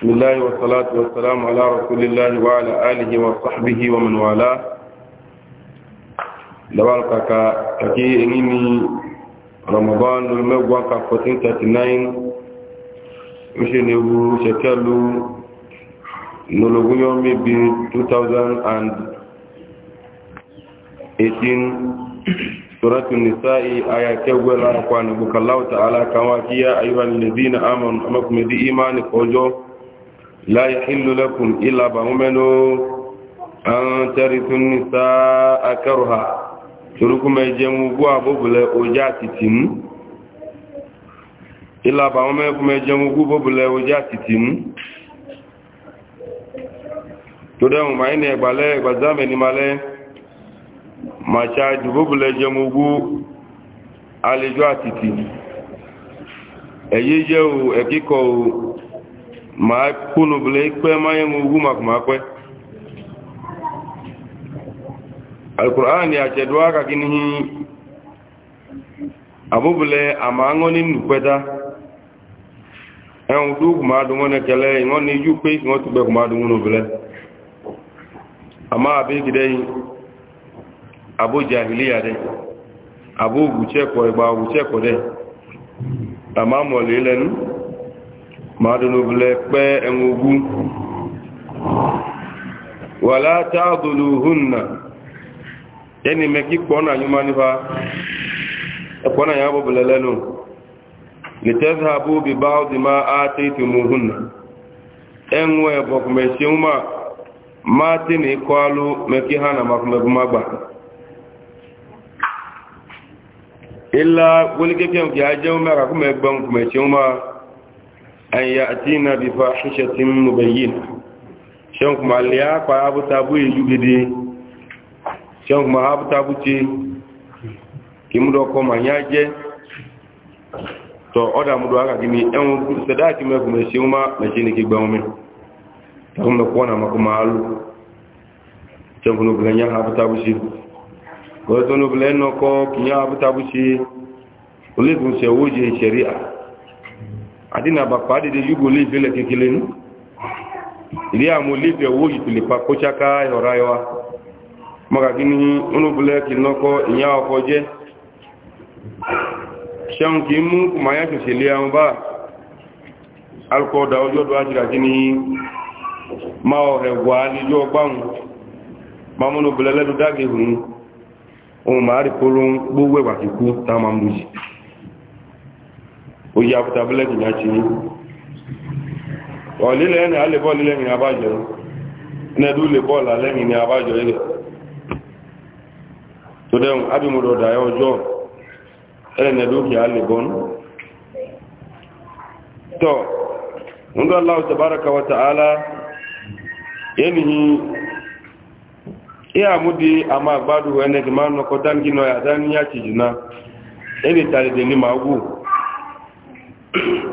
بسم الله والصلاة والسلام على رسول الله وعلى آله وصحبه ومن والاه لبارك كاكا كي إني رمضان المبوان كا 1439 مشي نيو شكالو نلوغو يومي ب 2018 سورة النساء آية كوغل أقوان بك الله تعالى كما كيا أيها الذين آمنوا أمكم دي إيمانك وجوه لا يحل لكم إلا بأمنوا أن ترثوا النساء كرها تركم يجمعوا ببلا أجاتتم إلا بأمنكم يجمعوا ببلا أجاتتم تدعوا معين يقبلي يقبزامني مالي ما شاهدوا ببلا يجمعوا على أجاتتم أيجوا أكيكوا ma kpunu bile ikpe ma ye ugwu ma kuma kpe alkur'an ya ce duwa ka gini abu a ma ŋo ni nukweta ẹn du kuma kele ne kẹlẹ ŋo ni ju pe ŋo tugbe kuma dungo no bile ama abe gide yi abu ama maadunubule kpɛ ɛŋugu wala taadulu hunna yanni mɛ ki kpɔna nyumani fa e kpɔna yaa bɔ bilɛ lɛnu litɛzahabu bi baawudi ma aate tumu hunna ɛŋu ɛbɔ kumɛ seŋu ma maate ne kɔalu mɛ ki hana ma kumɛ kuma gba ila wuli kekɛ ki a jɛŋu mɛ ka kumɛ gbɛŋu kumɛ seŋu ma. an ya'tina bi fahishatin mubayyinah shan kuma aliya kwa abu tabu ya yi gidi shan kuma abu tabu ce ki mu ya je to oda aka gini yan mai ma na shi ne ki gbamu min ta kuma alu shan kuma bulan ya tabu shi ko bulan àdínà bàpá dìde yúgbò lè fẹ́lẹ̀ kékeré nú ìdí àmú lè fẹ́ owó ìpìlẹ̀ pa kó ṣáká ọ̀rá yọ wa mọ́gàgí ní olóbulẹ̀ kì nọ́kọ́ ìyá ọkọ̀ jẹ́ ṣẹ́un kì í mú kùmáyà ṣẹ̀ṣẹ̀ lé àwọn bá alukọ̀ọ̀dà ọjọ́ tó ájìrà kí ní máa ọ̀rẹ̀ wà níjọ́ ọgbáhùn oyi akuta búlẹ́kì ní àti yí ọ̀lílẹ̀ ẹni alẹ́bọ́ lílẹ́yìn ní abájọ ẹnẹ́dú lè bọ́ lálẹ́yìn ní abájọ ilẹ̀ tó dẹ́hùn ábìmọ̀dọ̀ dàyẹ ọjọ́ ẹnẹ́dú kì á lè bọ́n tọ́ nígbà aláwọ̀ tàbárakà wata ala yẹ́nìyí ẹnẹ́dì máa nọkọ dáńgínà àdáníyà tìjìnà ẹnì tàlẹ̀dẹ̀ ní màá wù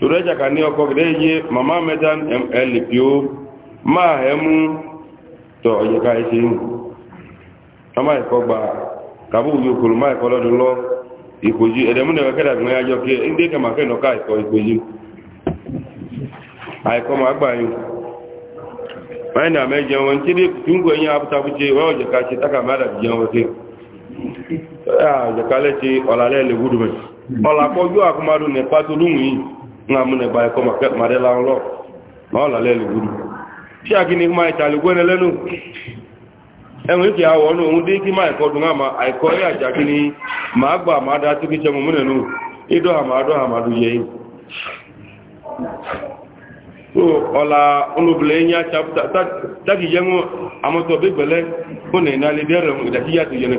tureja ka ní ọkọ̀ gẹ́gẹ́ mama medan mlpo máa ẹmú tọ ọ̀yẹ̀ká ẹṣẹ́ ìhùn ọmọ ẹ̀kọ́ gba kàbú yóò kòrò máa ẹ̀kọ́ lọ́dún lọ ìkòjì ẹ̀dẹ̀múnẹ̀ kẹ́dà fún ẹyájọ́ kí ẹ ń dé kẹmà ìkòjì máa gbà nà wọn tí abútabútse ṣe tákà jẹun àkọmọdún tó lóhùn yìí nga mune ne bayi ko ma ke ma de la lo ma la le lu ti ma ita lu gwene lenu e mo ki awo no un de ki ma e ko du nga ma ai e ko ya ja ma gba ma da tu ki chemu mu ne nu ido ha ma do ha ma du ye so ola olubule nya chapter ta ki yengo amoto be gbele ko ne na le dere mu da ya yene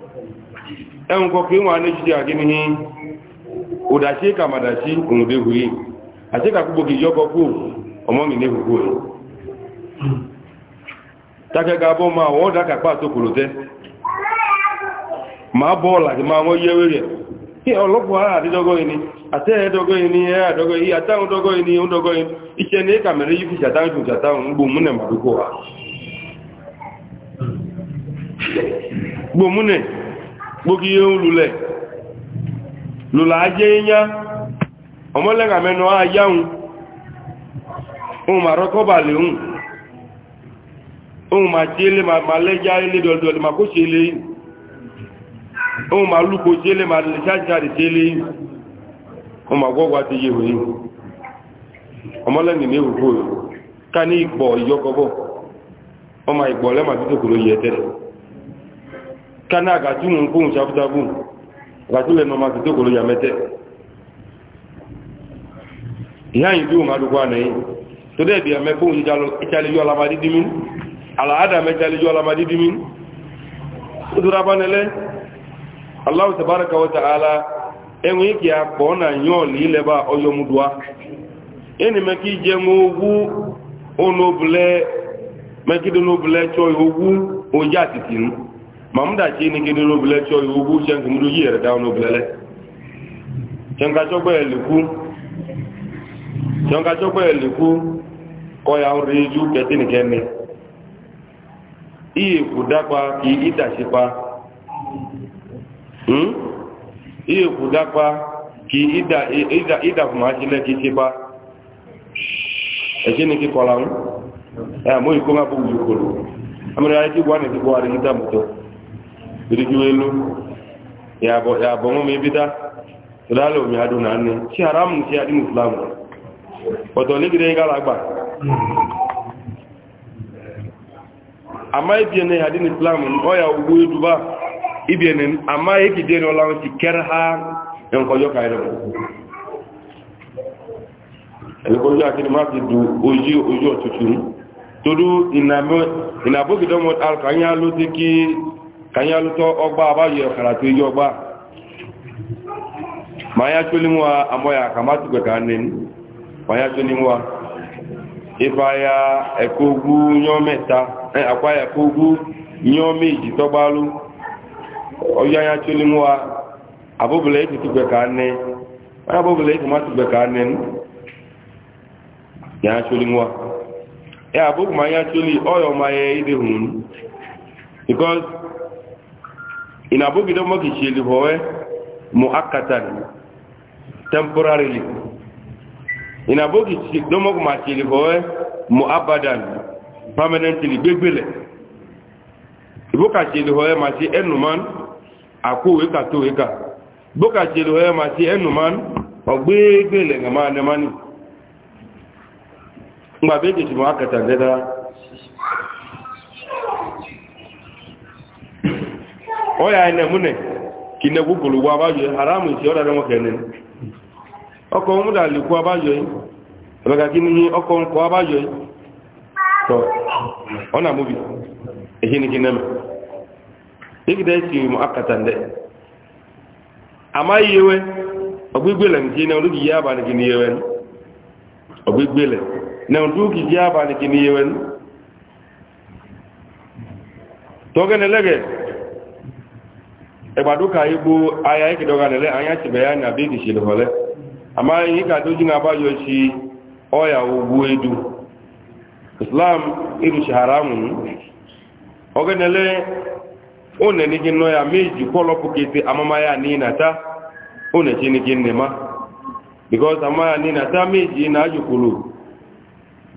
ẹ̀hùn kọkù ìwọ̀n aléjìdí àgínihí òdàṣí kàmàdàṣí òǹdè hùrí àṣíkàkúgbòkì yọ́kọkù ọmọ́mì ní hùkú rẹ̀ takẹ́gà bọ́ ma wọ́n dákàpá àtòkòrò tẹ́ ma bọ́ọ̀lù àti ma wọ́n yẹ́wé rẹ̀ kí ọlọ́pàá àdídọ́gọ́yìní gbòmúnẹ̀ kpogi ihe lulẹ̀ lula ajé yá ọmọlẹ́gà ohun ma rọ́kọ́bà ohun ma tí ilé ma lẹ́já ilé dọ̀dọ̀dì ma kó ṣe lè ohun ma lúkò tí ma lè ṣájáde tí ilé ohun ma gbọ́gbà ti yé wòye ọmọlẹ́gà mẹ́wò kana agatu mu nkun shafudabu agatu le noma kito kolo ya mete ihan yi biyu madu kwa nai to de biya me kun jalo itali yo la madi dimin ala ada me itali yo la madi dimin na nyoli leba oyomudwa eni me ki je mu ogu onobule me mamda ce hmm? ni kini robule cho yubu chen kumudu yere down robule chen ka chogbe eliku chen ka chogbe eliku ko ya riju ni kemi iye kudapa ki itashipa hmm iye kudapa ki ida ida ida kuma chile ki shipa echini ki kolan eh mo ikoma bu yukulu amira ti bwana ti bwana ni tamuto birijuwa elu ya bọ̀mọ́ mi bídá ìdálò mi adó náà ní tí haramu tí a dínú islam ọ̀tọ̀ nígbìdẹ̀ igá lágbà àmá ibi ẹni àdínú islam ọya ugbo ìdúbà ibi ẹni àmá ikìdí ẹni ọlá ti kẹrẹ ha ẹnkọjọ́ kàírẹ̀ ẹnkọjọ́ akíní ti kanyị alụta ọgba agbaghị ọkarata iji ọgbaa, ma ya cholinwa amaghị aka matụgwe ka nne m ma anya cholinwa ịba ya ekogwu ẹ eh, akwa ya kogwu nyome iji tọgbalụ ya anya cholinwa abụbụla ka abụbụla ka m ya ya abụghị ma anya choli ọyọ ma ya idehụ m ina bugi don maki ce lihowe mu'akkatan temporarily ina bugi don maki ma ce lihowe mu'abadan permanently gbegbele ibuka ce lihowe ma ce enuman akowe ka towe ka buka ce lihowe ma ce enuman ogbegbele ga ma ne mani ngba beji ti mu'akkatan dada oya ene mune kine gugulu wa bayo haramu ti ora re mo kene oko mu da li ku abayo ebe ka kini oko nko abayo to ona mubi ehini kinema igide ti mu akatande amaghị iwe ogbigbele nke na ọdụghị ihe abalị gị n'ihewe ogbigbele na ọdụghị ihe abalị gị n'ihewe tọge na elege egbadoka aya ahịa ekedogalele anya chebe ya na be gichiri hole amaghị ihe ka ojii na-agbaghị ochi ọya ugwu edu islam iruchighara anwụ ogenele onenigi nọ ya meji kwọlọpụkete amama ya ninata onechinigi nnema because amaya ninata meji na ajukwuru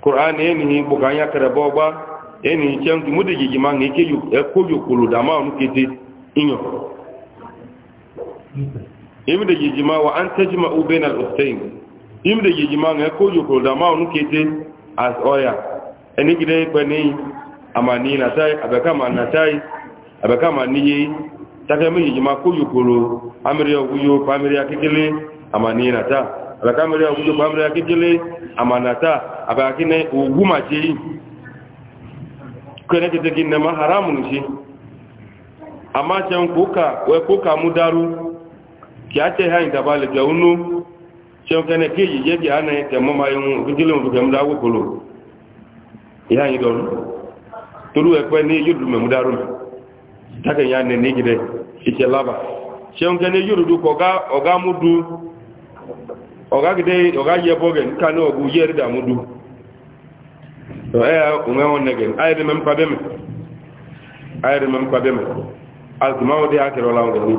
kuran enihi igbo ka anya kerebe ọgba enihi chenku mudigigi ma na ike ekwojukwuru dama onukete imde jijima wa an tajma'u bayna al-ukhtayn imde jijima nga ko yuko da ma onu kete as oya eni gide pe ni amani na tai abeka ma na tai abeka ma ni yi take mi jijima ko yuko ro amiri oguyo pamiri akikele amani na ta abeka amiri oguyo pamiri akikele amana ta abeka kine uguma je kene kete kinne ma haramu ni amma can kuka we kuka mudaru. daru kiache ha ndabale ga unu chokene kiji je bi ana ke mama yun kujile ndu kemda wukulu ya yi don turu e pe ni yudu me mudaru take ya ne ni gide iche laba chokene yudu ko ga mudu gide ye da mudu to mem mem lawo ni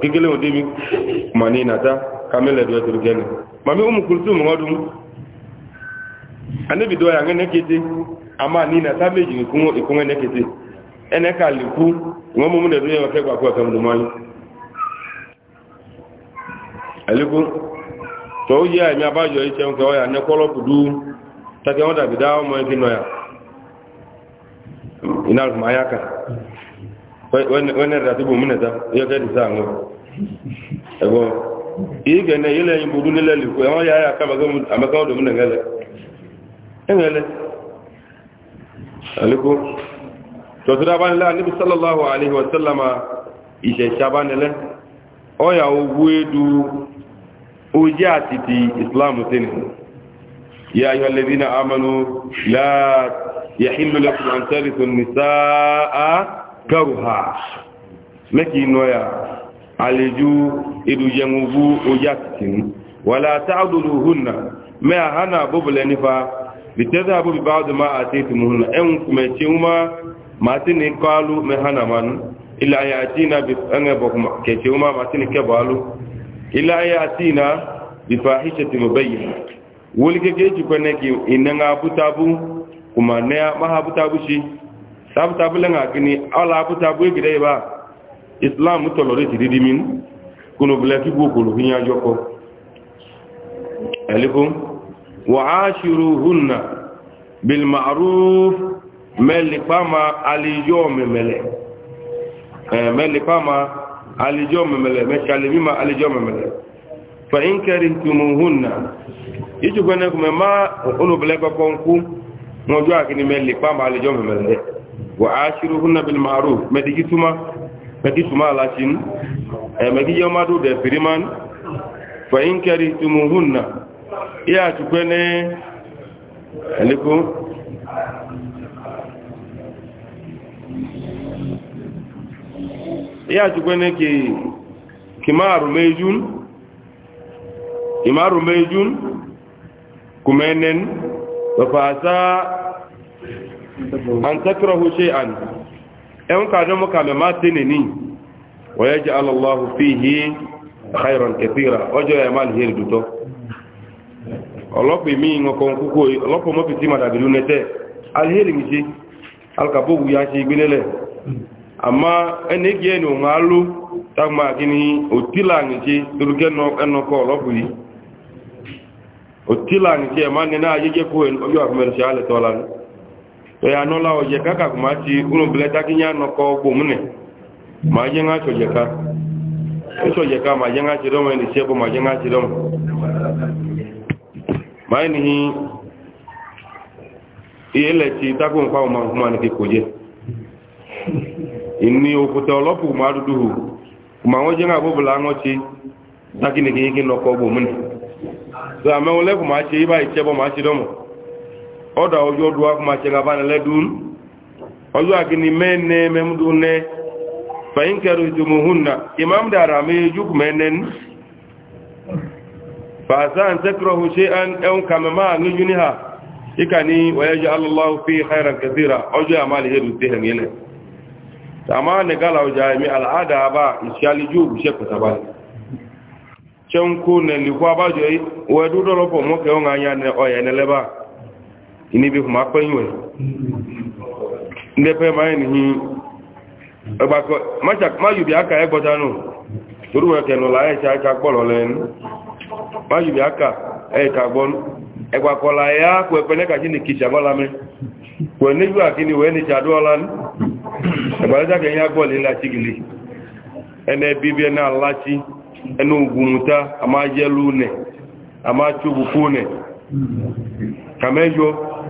kekele wọn débi ma ní ìnàta kamilẹ̀ dọ́ ẹ̀tọ́rọ̀ gẹ́nu ma mi umu kultu mu ọdún anébi dọ́ yàn ẹ́nẹ́kẹ́tẹ́ a máa ní ìnàta méjì ìkún ẹ́nẹ́kẹ́tẹ́ ẹnẹ́ka lèkú wọ́n mú múnẹ̀ dúnyẹ̀ wọn kẹgbà kú ọ̀kẹ́ mú mọ́lú ẹ̀lẹ́kú tọ́ ó yẹ àmì abájọ iṣẹ́ ń kẹ́ ọ́ wani ratibu minata ya kai sa ngo ego ige ne yele yin budu le le ko ya ya ka baga amaka do mun ngale ngale aliko to tira ban la nabi sallallahu alaihi wa sallama ise shaban le o ya owu edu oje atiti islam tin ya ayyuha alladhina amanu karuha meki noya aliju idujengugu ujatin wala ta'duduhunna ma hana bubule nifa litadhabu bi ba'd ma atitumuhunna en kumechuma matini qalu ma hana man illa yatina bi anabukuma kechuma matini sabuta bile ŋa kini ala abuta bue gide ba islam tɔlɔri ti didi min kuno bile ki bu kolo ki ɲajɔ kɔ alikum wa ashiru hunna bil ma'ruf mɛli kpama alijɔ mɛmɛlɛ ɛɛ eh, mɛli kpama alijɔ mɛmɛlɛ mɛsali mi ma alijɔ mɛmɛlɛ fa in kɛri tumu hunna itsu fɛnɛ kumɛ ma ono bile kɔkɔ nku ŋɔjɔ akini mɛli kpama alijɔ mɛmɛlɛ وعاشرهن بالمعروف مديكي توما مديكي توما لاشين مديكي يوما دو ده فريمان فإن كرهتموهن يا تكوني لكم يا تكوني كي كمارو ميجون كمارو ميجون كمنن وفاسا an takrahu shay'an en ka don muka me ma ni wa yaj'al Allah fihi khairan katira ojo ya mal hir duto olope mi ma da nete al mi ji al kabu ya ji gbilele amma ene gi enu otila yi otila ma na ya nọ la ọjẹ kaka kò máa ti ọrùn bilẹ taki ya nọ kọ gbòmù nẹ máa yẹ ńlá sọjẹ ká sọjẹ ká máa yẹ ńlá ti dọmọ ẹni sẹbọ máa yẹ ńlá ti dọmọ máa ní iye lẹ ti tako nǹkan ọmọ ọmọ ní kíkò jẹ ìní òkúta ọlọpù máa dúdú hù kùmà wọn jẹ ńlá bóbulà ńlọ ti taki ní kíkì nọ kọ gbòmù nẹ sọ àmẹwọn lẹkùn máa ṣe ibà ìṣẹbọ máa ti dọmọ. ọdọ ọjọ́ ọdún akọmọ̀ṣẹ́ gabánilẹ́dún ọjọ́ àkíní mẹ́ẹ̀nẹ́ mẹ́múdúnẹ́ fẹ̀yìnkẹrù ìjọmọ̀húnnà imam dára méjúkù mẹ́ẹ̀nẹ́n fàásá ń ṣe ẹun kàmẹ́má níjú níhà ìkà ní wẹ́yẹ́jẹ́ alọ́láwọ́ fi hairan kẹsíra inibi kuma ndepe ẹ̀ ndẹ́pẹ́ máa ní ẹgbàkọ́ máyùbí aka ẹgbọ́ta nù torí wọn kẹ̀nù láyé ṣe aka gbọ́lọ̀ e lẹ́nu máyùbí aka ẹ̀ka gbọ́n ẹgbàkọ́ e láyé ápò ẹ̀pẹ́ lẹ́ka sí ni kìsà mọ́lámẹ́ pọ̀ níbi ni wẹ́ ní ṣàdó ọlá ní ẹgbàlẹ́sàkẹ́ yẹn agbọ́ lé láti gìlì ẹnẹ bíbí ẹnẹ aláṣí ẹnẹ ògùnmùta àmáyẹlú nẹ àmáṣọ́bùkú nẹ kàmẹ́jọ́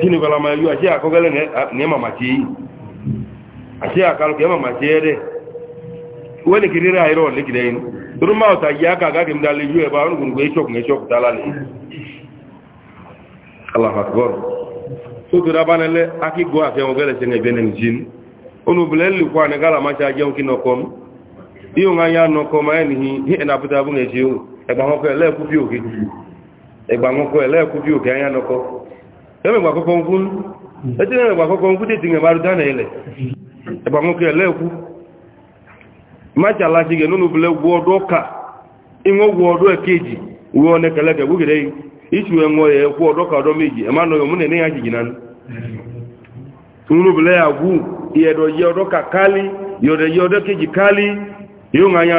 kini bala ma yu ati akogele ne ne mama ti ati akalu ke mama ti ede woni kirira ayro le kide yin durma o ta ya ka ga ke mdale yu e ba on gun go ichok ne aki go afi o gele se ne benen jin cha je o kinokom iyo nga ya no koma eni hi na buta bu ne ji o e ba ho ko ele ku bi o emegba akụkọ nkwụ etinye emegba akụkọ nkwụ dị tinye marụta na ele ịgba nwoke ele ekwu machala ala ga n'ụlọ bụla gwụ ọdụ ka inwe gwụ ọdụ ekeji uwe ichi ọdụ ka ya na ya gwụ ka kali ọdụ kali anya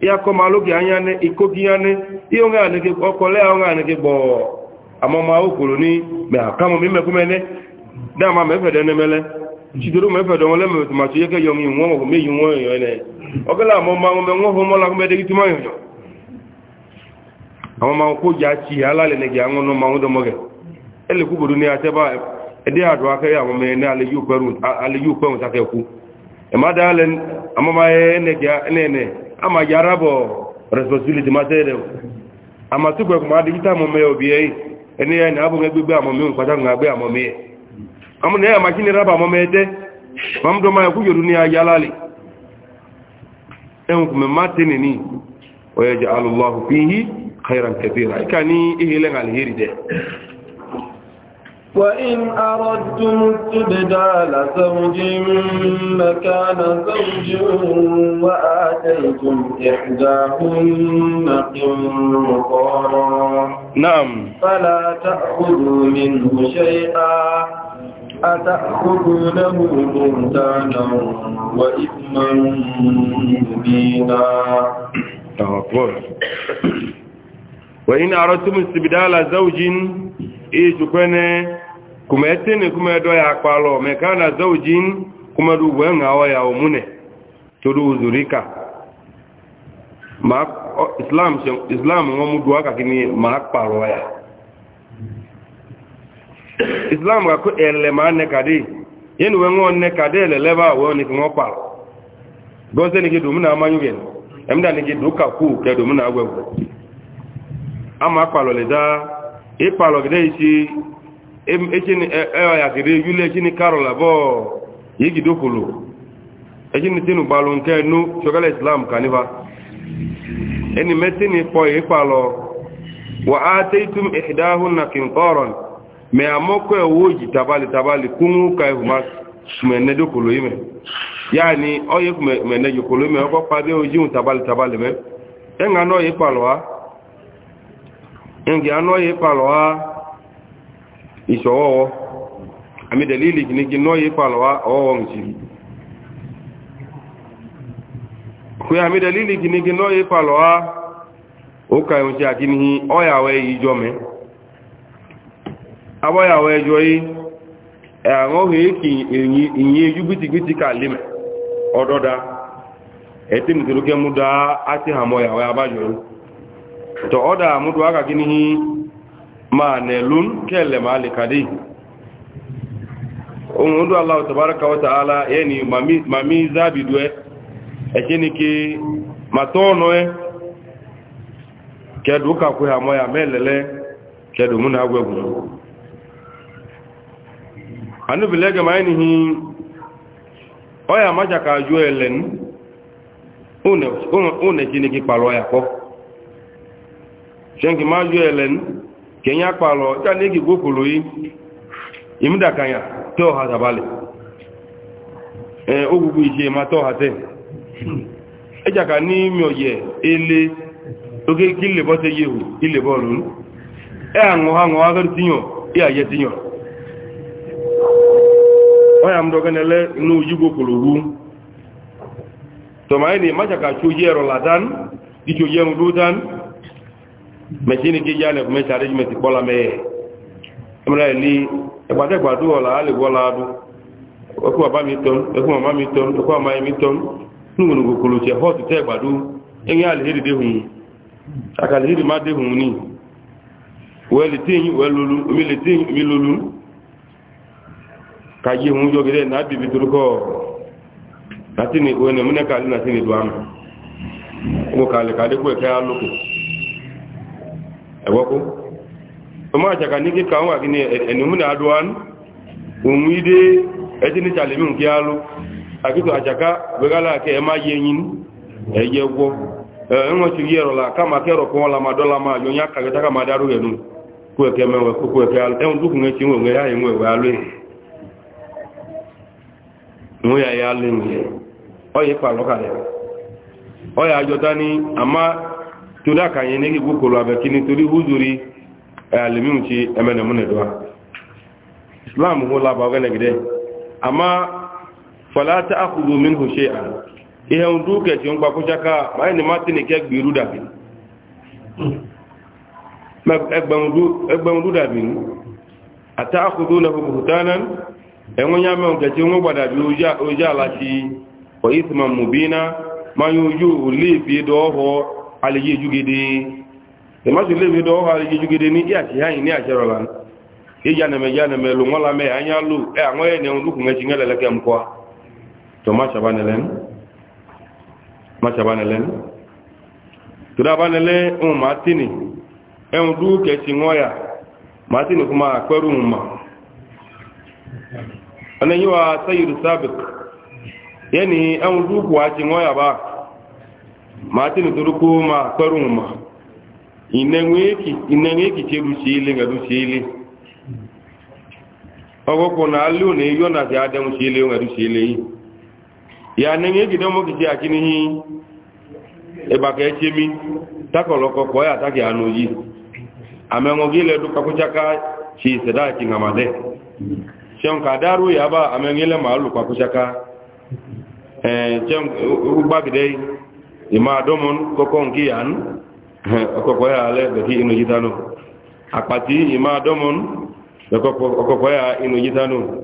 ya kọ ma lóge anya ní ìkókí ya ní ihe onye ànìkí ọkọlẹ́ onye ànìkí gbọ́ àmọ́mọ́ okòrò ní mẹ́àkámọ́ mímẹ́kúmẹ́ ní dáàmà mẹ́fẹ̀dẹ́ nẹ́mẹ́lẹ́ ṣìdúró mẹ́fẹ̀dẹ́ wọn lẹ́mẹ̀ẹ́ tòmàtò yẹ́kẹ́ yọ yìí wọ́n wọ́n méjì wọ́n èèyàn ẹ̀ ọkẹ́lẹ́ àmọ́mọ́ àwọn ọmọ ẹ̀ẹ́nẹ̀gẹ̀ ẹ̀ẹ́nẹ̀ẹ̀ ama gị bo responsibility matere ama tu ko e ma digita mo me obi eyi eni e na abu ngbe gbe amo mi npa ta e. ya amo ya amu ne ama kini raba mo me ma ku yoru ni ayalali en ku me matini ni wa yaj'alullahu fihi khairan وإن أردتم استبدال زوج مكان زوج وآتيتم إحداهن قنطارا نعم فلا تأخذوا منه شيئا أتأخذونه بهتانا وإثما مبينا وإن أردتم استبدال زوج إيه تكون kuma etene kuma do ya kwalo me kana zawjin kuma du wenga wa ya umune to du uzurika islam islam ngomu du aka kini ma kwalo ya islam ga ku ele ma ne kadi yen wengo ne kadi ele leba wo ni ngo kwalo goze ni kidu mna amanyu gen emda ni kidu ka ku ke du mna agwe ama kwalo le da ipalo e gede isi echini e ewa e, e, ya kere yuli echini karol abụọ yigidokolo echini tinu gbalụ nke nu shogala islam kaniva eni metini kpọ ikpalọ wa ataitum ihdahunna kinqaran me amoko ewoji tabali tabali kunu ka ihuma mene dokolo ime yani tabali tabali me enga anọ ikpalọ ha enga anọ ha ìṣọ̀wọ́wọ́ àmì dẹ̀lìlì kìníkì náà yí pàlọ́wà ọwọ́ ǹkì kí àmì dẹ̀lìlì kìníkì náà yí pàlọ́wà ó kàyùn tí àkíní ọyàwẹ́ ìjọ mẹ́ abọ́yàwẹ́ ẹjọ́ ẹ̀rọ hẹ́ẹ̀kì ma nelun kele malikadi ohun odu allah tabaraka wa ta'ala yani mami mami zabidwe ekini ki matono e kedu ka ku ha moya melele kedu muna agwegu anu bilege mainihi oya maja ka ju elen une une kini ki paloya ko shenki maju elen kenya kpalọ ta negi gokolo yi imdakanya tọ ha tabali ee ogwugwu ije ma tọ ma te ejaka n'ime oye ele oge kile bọta yehu ile bọọlụ e aṅụ ha ṅụ aghara tinyo e ya mẹsìnì kí yá nẹ̀kú mẹsì àríjìmẹsì kọ́lá mẹ́yẹ ẹmọ́rẹ́ ní ẹgbàdẹ́gbàdú ọ̀la alẹ́gbọ́lá adú ẹkú bàbá mi tọ́n ẹkú màmá mi tọ́n ẹkú àmá mi tọ́n nùgbùn gòkòlò tẹ họ́ọ̀tù tẹ́ ẹgbàdú ẹ̀yìn àlèhèrè déhùn àkàlèhèrè má déhùn ní wẹ́ẹ̀lì tíyìn wẹ́ẹ̀lulu omi lè tíyìn omi lulu yọ ẹ̀wọ́kú ọmọ àjàkà ní kíkà wọ́n àkíní ẹ̀nùmúnà adúwánú òun ìdé ẹjí ní sàlẹ̀mí kí á ló àkíkò àjàkà gbẹ́gálà kẹ ẹ má yẹ yín ẹ̀yẹ wọ́ ẹ̀wọ́n ti yẹ rọ̀lá káàmà kẹrọ kọ́ wọn lámà dọ́là máa yọ yán ni torí àkànyẹ ní gbogbo kòlò àbẹ̀kí nítorí húzùrí alìmíhùn ti ẹmẹ́nàmúnẹ̀dọ́wà islam hún lába ọgẹ́nẹ̀gẹ́dẹ́ àmá fọláta àkùzù mínú ṣe à ihe ń dúkẹ̀ tí ó ń gbakúṣáká máa ní martin kẹgbìrú dàbí ẹgbẹ̀rún dàbí àtà àkùzù na gbogbo tánà ẹ̀wọ̀n yá mẹ́wọ̀n kẹ̀ tí ó ń gbà dàbí ojá aláṣí ọ̀ alèyé ìjúgede ìmáṣe léwé dọ́wọ́ alèyé ìjúgede ní ìyàtí hàn ní àṣẹrọ̀ lánà ìyànàmẹ̀ ìyànàmẹ̀ lò wọ́n lámẹ́ àyà lò ẹ àwọn ẹ̀nà olùkùn ẹ̀ṣin ẹlẹ́lẹ́kẹ́ ń kọ́ tó má ṣàbánilẹ́nu tó dábánilẹ́ ń máa tìní ẹ̀hùn dúkẹ́ ti wọ́n yà tìní kó máa pẹ́rù ń mà ọ̀nà yíwa sẹ́yìn sábẹ̀k yẹ́nì mati ni turuku ma karun ma inenwe ki ce rusili ga rusili ọgọ́kọ̀ na alú ní yọ́ na ti adẹ́mù sí ilé ẹ̀rù sí ilé yìí ya nẹ́yìn èkìdẹ́ mọ́ kìí àkí ní yìí ẹbàkẹ́ ṣe mí takọ̀lọ́kọ̀ kọ́ yà tákì àánú yìí àmẹ́wọn gílẹ̀ dúkà kúchaka ṣe ìṣẹ̀dá àti ìgbàmàdẹ́ ṣeun kà dárú yàbá àmẹ́wọn gílẹ̀ màálù kúchaka ẹ̀ ṣeun gbàgídẹ́ yìí ima domon kokon kiyan okoko ya ale be ki inu jitanu apati ima domon okoko ya inu jitanu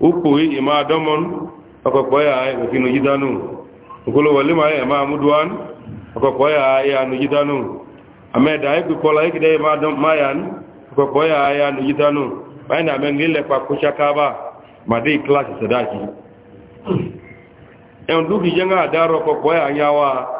upu ima domon okoko ya be ki inu jitanu ukulu wali ma ya ma mudwan okoko ya ya mayan okoko ya ya inu jitanu baina mengile kwa kushakaba madi class daro kokko ya nyawa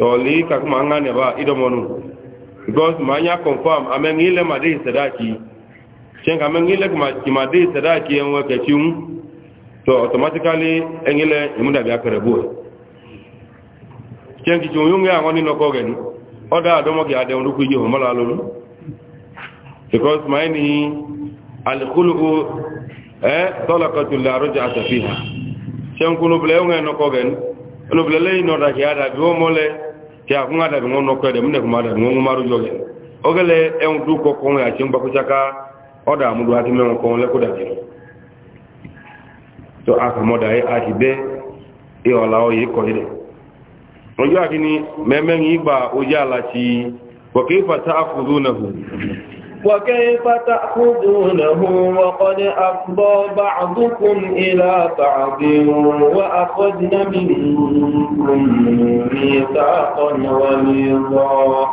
tɔɔli kakuma an ka nɛba idɔmɔnu because maa n y'a confirm a mɛ n ile ma de sadaki tiɲɛ kan a mɛ n ile ma de sadaki yɛn wɛ kɛ tiw tɔ automatically n ile emu dabi akɛrɛ bo yɛ tiɲɛ kisi o yun kɛ a ŋɔni nɔ kɔɔkɛ ni ɔ da a dɔmɔ kɛ a dɛmɛ olu ko o ma la because maa yi ni alikuluku ɛ tɔlɔkɔtun la arɔja asafi ha tiɲɛ kolo bila yɛn kɛ nɔ kɔɔkɛ ni olùbìlẹ̀ lẹ́yìn nọ̀dà kí ti a kuma dabi ŋun nɔkɔ dɛ mun ne kuma dabi ŋun kumaru jɔ kɛ o kɛlɛ ɛn du kɔ kɔn ya tiɲɛ bako caka o da amudu hati mɛ kɔn lɛ ko da tiɲɛ to a kama da ye a ti bɛ e wala o ye kɔli dɛ o jɔ a kini mɛ mɛ ŋ'i ba o jɛ a la ti wa k'e fa ta a fudu na hu وكيف تأخذونه وقد أفضى بعضكم إلى بعض وأخذن منكم ميثاقا غليظا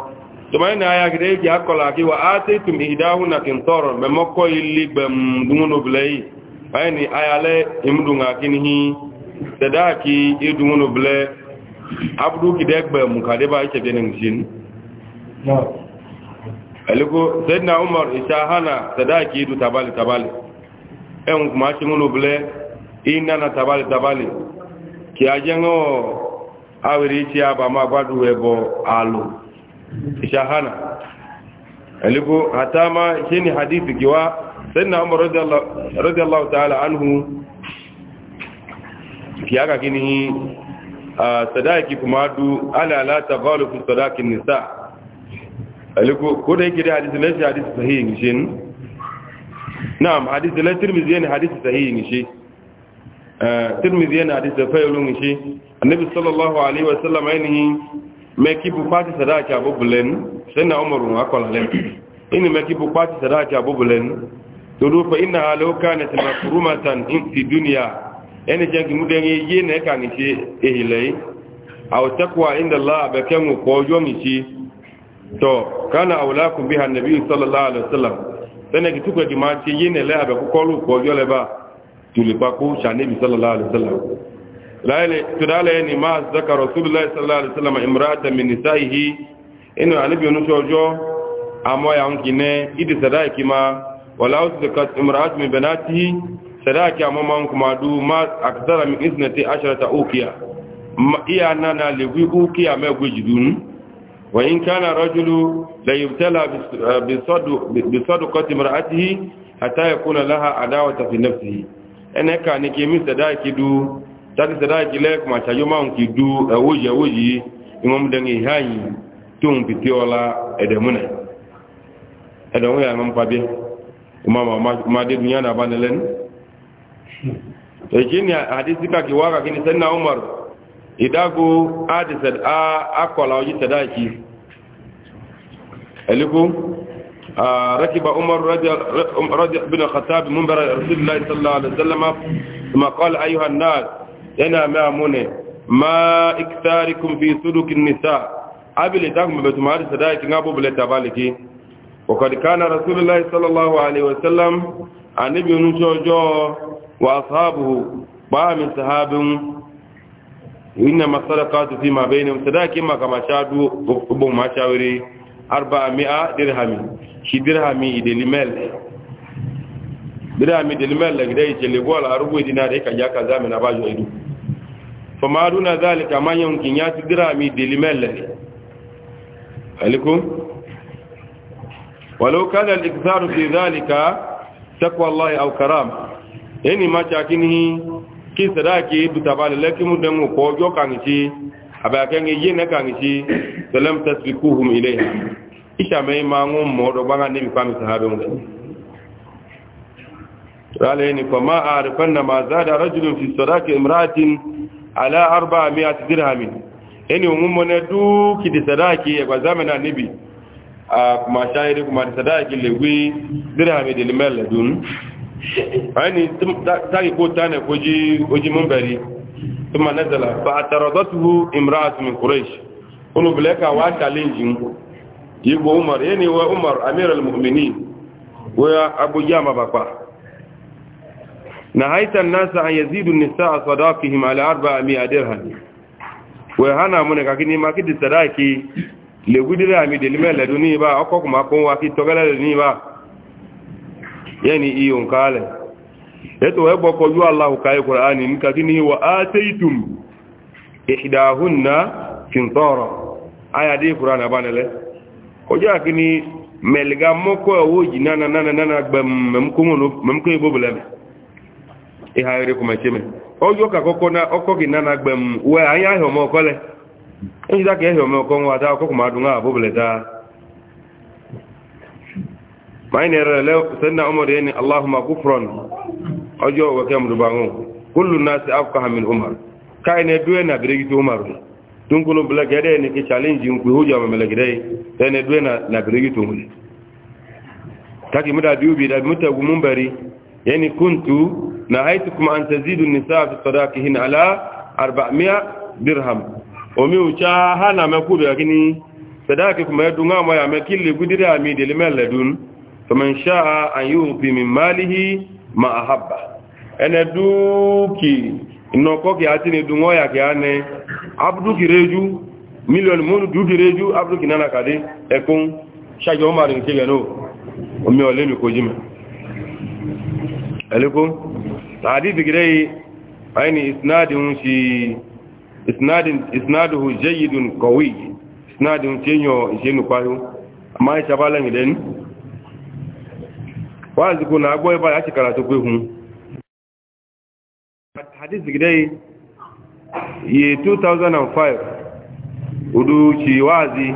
tumaini aya gida yake akola ki wa ataitum ihdahuna kintor be moko illi be mdumuno blei ayni ayale imdunga kinhi sadaki idumuno ble abdu gidek be mukadeba ichebe nengsin no aliko sayyidina umar ishahana sadaki du tabali tabali en kuma shi mulu bule inna na tabali tabali ki ajengo awiri ti aba ma gbadu ebo alu ishahana aliko hatama shini hadithi kiwa sayyidina umar radiyallahu radiyallahu ta'ala anhu kiyaga kini ah, sadaki kuma du ala la taghalu fi sadaki nisa' aliko ko da yake da hadisi lafi hadisi sahihi ne shi na'am hadisi la tirmidhi yana hadisi sahihi ne shi eh, tirmidhi yana hadisi fayyulu ne shi annabi sallallahu alaihi wa sallam ainihi me ki bu fati sadaka abu bulen sanna umar wa qala lam in me ki bu fati sadaka abu bulen to do fa inna law kanat mafrumatan in fi dunya ene jangi muden yi ne kan shi ehilai aw taqwa inda allah bakan ko jomi shi to kana aulakum biha nabi sallallahu alaihi wasallam tene ki tukwe ki ma ti yine le abe ko lu ko yole ba tuli pa ku sha nabi sallallahu alaihi wasallam laile tudale ni ma zaka rasulullah sallallahu alaihi wasallam imra'atan min nisaihi inu alibi onu sojo amo ya nkine idi sadai ki ma wala usdikat imra'at min banatihi sadaki amo man kuma du ma akthara min isnati asharata ukiya iya nana lewi ukiya me gwejidun وإن كان رجل ليبتلى بصدقة مرأته حتى يكون لها عداوة في نفسه أنا كان كيمي سداك دو تاتي سداك لك ما تجمعون كي دو أوجي أوجي إمام دني هاي تون بتيولا أدمنا أدمنا يا إمام فابي إمام ما دي دنيا نبان لن لكن حديثك كي واقع كني سنة عمر idago adised a akwala oji sadaki eliku ركب عمر رضي بن الخطاب منبر رسول الله صلى الله عليه وسلم ثم قال ايها الناس انا مامون ما اكثاركم في سلوك النساء ابل دغم بتمار صداك غابو بلا تبالكي وقد كان رسول الله صلى الله عليه وسلم عن ابن جوجو واصحابه با من صحابه إنما الصدقات فيما بينهم صداك ما كما شادو بو ما شاوري 400 درهم شي درهم دي المال درهم دي المال لك داي تشلي بولا ربو دينار هيك جا كذا من اباجو ايدو فما دون ذلك ما يمكن يات درهم دي المال عليكم ولو كان الاكثار في ذلك تقوى الله او كرامه يعني ما شاكنه ki sadaki dutabale leki mudemu ko jo kangi aba kangi yene kangi salam tasbikuhum ilayha isha mai mangu modo banga ni kwa misahabe mu rale ni fa ma arifanna ma zada rajulun fi sadaki imratin ala 400 dirhamin eni umumo ne du ki sadaki kwa zamana nibi a kuma shairi kuma sadaki lewi dirhamin dilmel dun ani tagi ko tane koji oji mumbari thumma nazala fa ataradathu imra'at min quraish ulu bilaka wa challenge yigo umar yani wa umar amir al almu'minin wa abu jama bapa nahaita an-nas an yazidu an-nisaa sadaqihim ala 400 dirham wa hana mun ka kini ma kidi sadaqi le gudira mi de limela duni ni ba yani iyo nkale eto wee ala allahu ka anyị qur'ani nka gịnị wa ataitum ihdahunna fintọrọ aya dị na abanele ojú akini mẹlẹga mọkọ ẹwọ yìí nana nana nana gbẹ mẹmkọ ebo bẹlẹ mẹ ìhà eré kọmẹtsẹ mẹ ọjọ kakọkọ na ọkọ kì nana gbẹ wẹ anyị ahịa ọmọ mayin yɛrɛ lɛ sɛnɛ ɔmɔdé yɛ ni alahuma kufurɔn ɔjɔ o kɛ mudubaŋo kulu naasi afuka hamin umar kaa ne duwe na birigiti umar dunkolo bilagɛdɛ ni ke challenge nkui hu jama milagɛdɛ yi sɛ ne duwe na na birigiti umar taki mu da biyu bi da muta gumun bari yɛ ni kuntu na haitu kuma an tazidu nisa fi sadaki hin ala arba'amiya dirham omi uca hana mɛ yakini sadaki kuma dunga mɔ ya mɛ kili gudiri ami faman sha'a an yu'ti min malihi ma ahabba ene duki no ko ki atini dungo ya ki ane abdu kireju million mun du kireju abdu kinana kade ekun shajo mari nti gano o mi ole mi ko jime aleko hadith girei aini isnadun shi isnadin isnaduhu jayyidun qawi isnadun tinyo jenu kwayo amma shabala ngideni waziko na agbo ba ya chikara to gbe hun hadith gidai ye 2005 udu chi wazi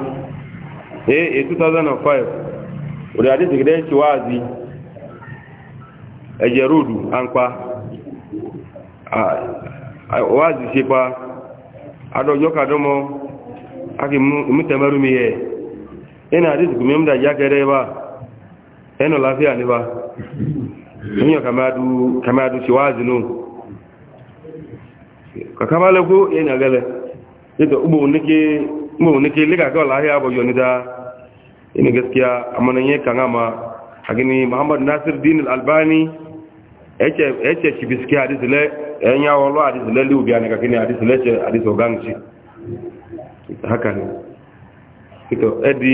eh ye 2005 udu hadith gidai chi wazi ejerudu anpa a wazi sepa adojo kadomo aki mutemaru mi ye ina hadith gumemda ya gere ba ẹnu láfíà nípa níyàn kàmáàdù síwáàzì náà kàkàbálẹ́kú yẹn àgẹ́lẹ̀ yẹ́tọ̀ ugbòhùn níke líkàkọ́ láhíà àbọ̀yọ̀ níta inú gaskiya amanayen kan ama a gini muhammadu nasir din albani ẹ̀ẹ́kẹ́ ṣibiski àdísìlẹ̀ ẹ̀yàwó lọ́ àdísìlẹ̀ lóòbí àníkàkíní àdísìlẹ̀ ṣe àdísìlẹ̀ gáǹkì haka ni ẹ̀dì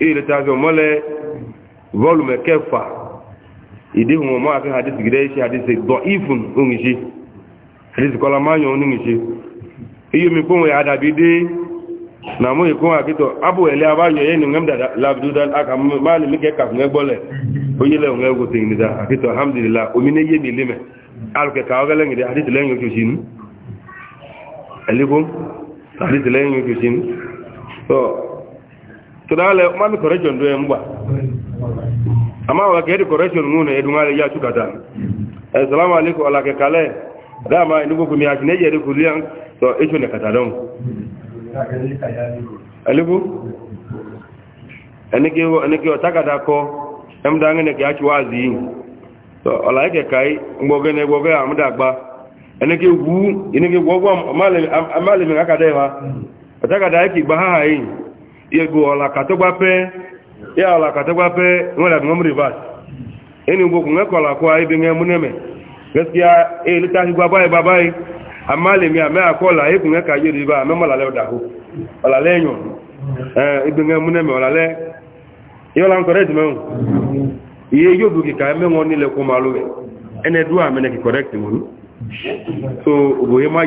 ìrìtàzọ mọ́lẹ̀ volume kẹfà ìdíhùn ọmọ àfi hadith gidẹ́ iṣẹ́ hadith gbọ́ ìfún oníṣẹ́ hadith kọla máa yàn oníṣẹ́ iyo mi na mú ìkún àkítọ̀ abu ẹ̀lẹ́ abáyọ̀ yẹ́ ni ngẹ́mdà labdúdá aka máa ka mẹ́kẹ́ kàfún ẹgbọ́lẹ̀ oyílẹ̀ òun ile tèyí e àkítọ̀ alhamdulillah omi ní yé mi lé mẹ́ alùkẹ̀kà ọgẹ́lẹ́ngẹ̀dẹ́ hadith lẹ́yìn oṣooṣi hadith tunale mami correction do emba ama wa ke correction ngune edungale ya chukata assalamu alaikum ala ke kale dama indugo kumi akine je de kulian to echo ne katadon alibu anike wo anike wo takada ko emdange ne ke achwazi to ala ke kai ngboge ne gboge amda gba anike ah, wu inike gbogo amale ah, amale ah, mi akadema takada yake gba ha yin yego ọlakatọgbape ya ọlakatọgbape nwere adịmọm rivas eni ugbokwu nwekọla kwa ibe nye muneme gaskiya elita higwa bayi babayi amma nwe ka yiri ba ame malale ọdahụ ọlale enyo ibe nye muneme ọlale yọla ahụ so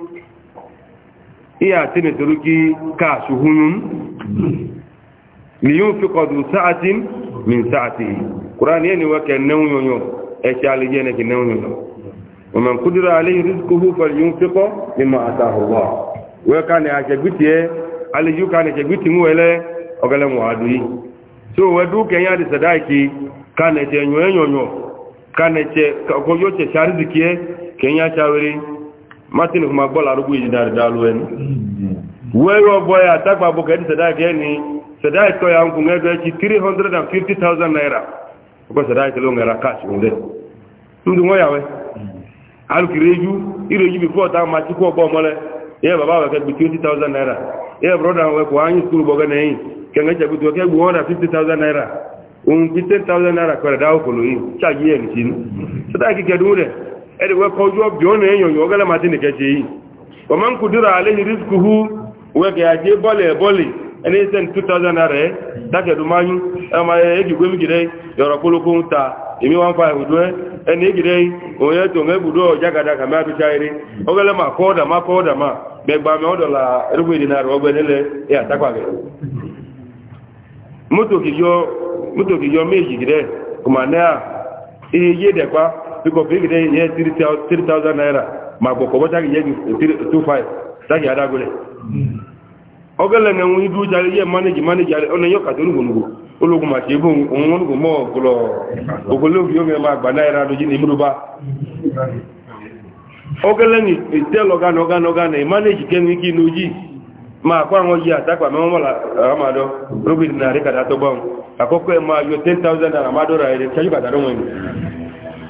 iya tene turuki kashu hunun liyun fi kodu sa'atin min sa'ati qur'an yani wa kan nan yonyo e shali yene ki nan yonyo wa man qudira alayhi rizquhu falyunfiq mimma ataahu allah wa kan ya ke gutiye ali yu kan ke guti mu ele ogale mu adui so wa du ke ya di ka kan je yonyo yonyo kan je ko yo che sharizikie kenya chawiri martin kuma gbọ́la arúgbó ìjìdá àrídálú ẹni wẹ́yọ́ bọ́yá àtàgbàbọ̀ kẹ́ni sẹ̀dáìkì ẹni sẹ̀dáìkì tọ́ya ń kún ẹgbẹ́ ẹkì 350,000 naira ọkọ̀ sẹ̀dáìkì ló ń gẹ̀rà káàkì ń dẹ̀ ndí wọ́n yàwẹ́ alùkìrì ejú ìrò ejú bífọ́ ọ̀tá máa tí kú ọgbọ́ ọmọlẹ yẹ bàbá wẹ̀ kẹ́gbì thousand naira yẹ brọ́dà wẹ̀ kò áyín skúlù bọ́gẹ́ nẹ́yìn kẹ́ngẹ́ jẹ̀bi tó kẹ́gbì 150,000 naira òun fi 10,000 naira kọ̀rẹ̀dá òkòlò yìí ṣáàjì yẹ̀ nìṣin sẹ́dáìkì kẹ́dùn ẹ̀rẹ̀ wẹ́kọ̀ ojú ọbì ọ̀nà èèyàn yọ ọgẹ́lẹ̀ máa ti nìkẹ́ ṣe yìí wọ́n máa ń kù dúró àléyìn rísíkù wẹ́kẹ̀ àti bọ́ọ̀lì bọ́ọ̀lì ẹni sẹ́ni 2000 rẹ̀ dákẹ̀dù máa yún ẹmà ẹgbẹ̀gbẹ̀ mìgìrẹ́ yọ̀rọ̀ kólókó ń ta èmi wọ́n fa ìwùdó ẹ ẹni ìgìrẹ́ òun yẹ́ tó ń ẹgbùdó biko big day ye 3000 naira ma gboko bo tagi ye 25 tagi adagule ogele ne won idu jari ye manage manage ale ona yo ka do nugo nugo ologun ma se bo won nugo mo glo ogologi yo me ma naira do jini ni no ga no ga ne manage kemi ki ji ma kwa ji ma atakwa me won la amado robin na re kada to bon akoko e ma yo 10000 naira amado ra ka chaju kada do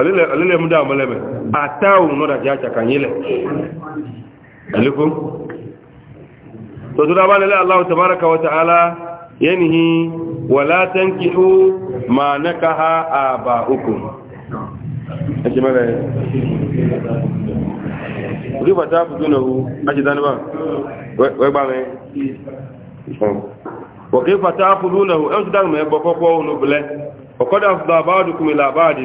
alele mu da mole me atawu no da ja chaka nyile alikum to dura ba lele allah tabaaraka wa ta'ala yanhi wala tankihu ma nakaha abaukum ajmala riba ta fi dunahu ajidani ba wai ba me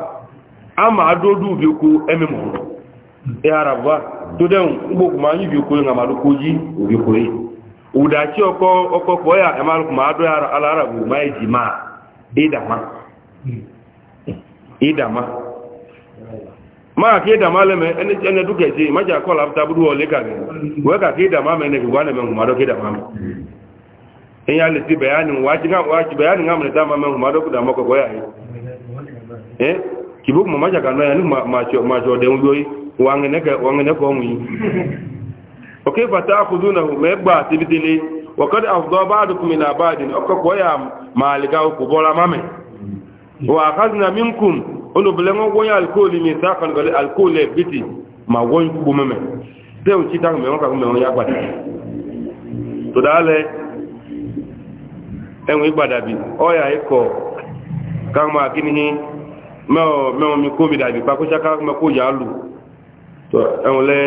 ama adodu bi ko emimo e araba to de ngbo kuma yin bi ko ngama do koji obi ko yi udachi ọkọ, oko ko ya e maru ya ado ara ala arabu ma eji e e ma idama idama ma ke idama le me ene ene duke ji ma ja ko la ta ole ka ni we ka ke idama me ne bi wa ne me kuma do ke idama me in e ya le ti bayanin waji ga waji bayanin ga mu da ya me kuma do ku da mako ko ya yi eh? kibo mo maja kan ya ni ma cho ma cho de ngoy wange ne ka wange ne ko mu okay fa ta'khuduna ma ba tibitili wa qad afdha ba'dukum ila ba'din okko ko ya maliga ku bola mame wa akhadna minkum ulu blengo go ya alcohol mi ta kan gale alcohol e biti ma won ku bu mame te o chita me won ka me won ya gba to dale enwe gbadabi oya iko kan ma kini mẹ́wọ̀ mẹ́wọ̀ mi kó mi dàbí pakóṣáká mẹ́kó yà á lù tọ́ ẹ̀wọ̀n lẹ́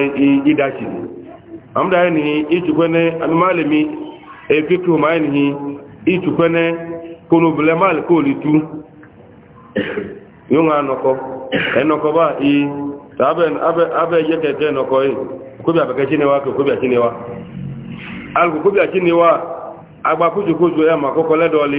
ìdáṣì ni àmúdá ẹni ìtùkwẹ́nẹ́ anúmọ́lẹ̀mí ẹ̀fíkì ọmọ ẹni ìtùkwẹ́nẹ́ kónobìlẹ̀ máàlì kó lè tú yóò nọkọ ẹnọkọ bá i abẹ́ ẹ̀yẹ kẹ̀kẹ́ ẹnọkọ yìí kóbi àbẹ̀kẹ́ chíniwa kóbi àchíniwa alùpùpù kóbi àchíniwa agbákójòkójò ẹ̀ mà kọ́kọ́ lẹ́dọ̀ọ́lì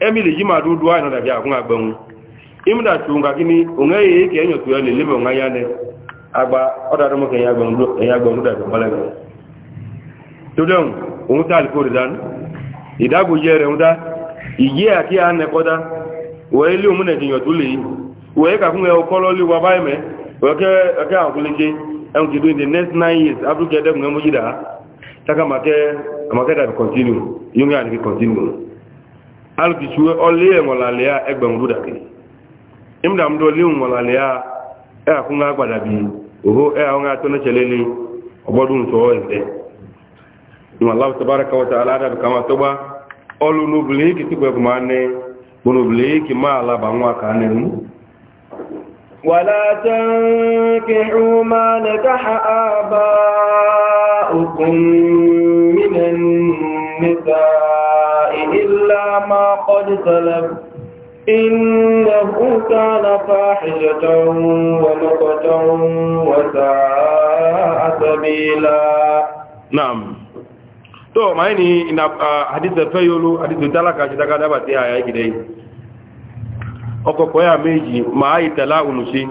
emily ji ma dudu anyị nọdabi agwụ agbanwu imda nka gị gini ongeghị ike enyo tu ya leleme onwe ya ne agba ọdara mụ ka ya agbanwu dabi gbalaga tudon ohun ta alikori dan jere iye aki a nekọda wee li omu na-eji nyọtu wee ka kwunwe ụkọlọ li waba eme wee ke akwụlite next nine years abụrụ ka edemụ na daa taka make dabi continue yunga alkishuwe ọlẹ́ ẹ̀wọ̀lálẹ́yà ẹgbẹ̀rún rúdàkì ìmdàmdó léhùn wọ̀lálẹ́yà ẹ̀kún agbàdàbí òhó ẹ̀hún atọ́nẹ́sẹ̀lẹ́lẹ́ ọgbọ́dún tọ́ ẹ̀ẹ́ ìwọ̀nláwọ̀ tẹbárakawọ̀ta aládàbí kama tọ́gbá ọlọ́nubìlẹ́ẹ̀kì tí pẹ̀kù máa ní gbọ́nubìlẹ́ẹ̀kì máa lábàáwọn àkàánẹ́nu ولا تنكحوا ما نكح ما قد سلف إنه كان فاحشة ومقتا وساء سبيلا نعم to maini ina hadithi fayulu hadithi talaka shitaka dabati haya hiki dai oko ko ya meji mai tala unusi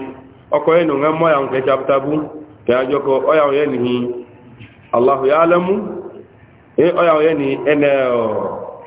oko eno ngamo ya chaptabu ya joko oya a Allahu ya'lamu e oya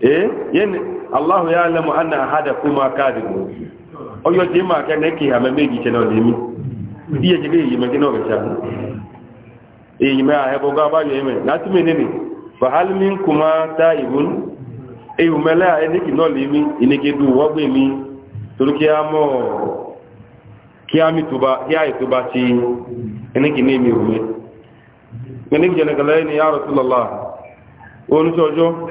eh yen allahu ya alamu anna ahadakuma kadhibu oyo ti ma ke ne ki ha meji che no le mi iye je ge yi me kino be cha e yi me a he bo ga ba ye me na ti me ne ni fa hal minkuma taibun e eh, yu mela e ne ki no le mi ine ke du wo gbe mi toru ki amo ki ami tuba ki ai tuba ti ene ki ne mi o me ne ki je ne kala ni ya rasulullah onu jojo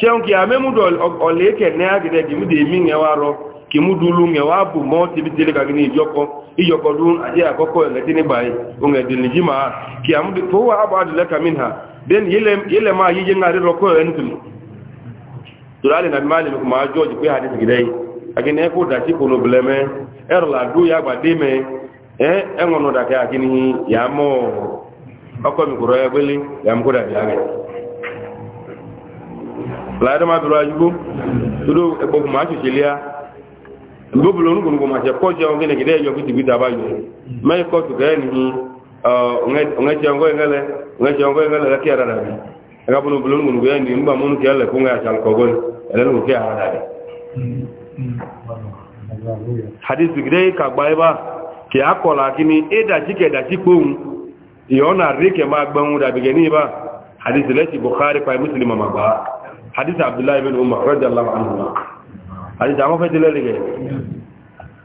seun ki me ọlẹ́kẹ̀ ní agidẹ kì mú dé mí ń ẹwà rọ ki mú dúlú ń ẹwà iji mọ́ ti bí tẹ́lẹ̀ kàgí ní ìjọkọ ìjọkọ dún àti àkọ́kọ́ ẹ̀lẹ́ tí nígbà yìí ohun ha then yile máa yíyẹ ń adé rọkọ́ ẹni tùlù na nàbí máa lè mú máa jọ́ọ̀jì pé àdé tìgìdẹ́ yìí àgìní ẹkọ́ mi láàrín dúró ajúgbó dúró ebo kò máa ṣòṣe lé a gbogbo lónìí kò ní kò máa ṣe kọ́ jẹun gẹ́gẹ́ gẹ́gẹ́ yọ kìtìkì tàbá yọ mẹ́rin kọ́ tù kẹ́ẹ̀ nìyí ọ̀ngẹ́ jẹun kọ́ ìrẹ́lẹ̀ ọ̀ngẹ́ jẹun kọ́ ìrẹ́lẹ̀ lẹ́kẹ́ ara rẹ̀ ẹ̀ka bọ́n lónìí kò ní kò ní nígbà múnú kẹ́ ẹ̀lẹ̀ fún ẹ̀ṣàlùkọ́gọ́ni ẹ̀lẹ́nu kò kẹ́ ara rẹ̀ hadithu gidai ka gba ba ke akola kini e da jike da jikun iyo na rike ma gbanwu da bigeni ba hadithu lati bukhari fa muslima ma ba hadith abdullahi bin umar radiyallahu anhu hadith àwọn fẹ́ tilẹ̀ lẹ́gẹ̀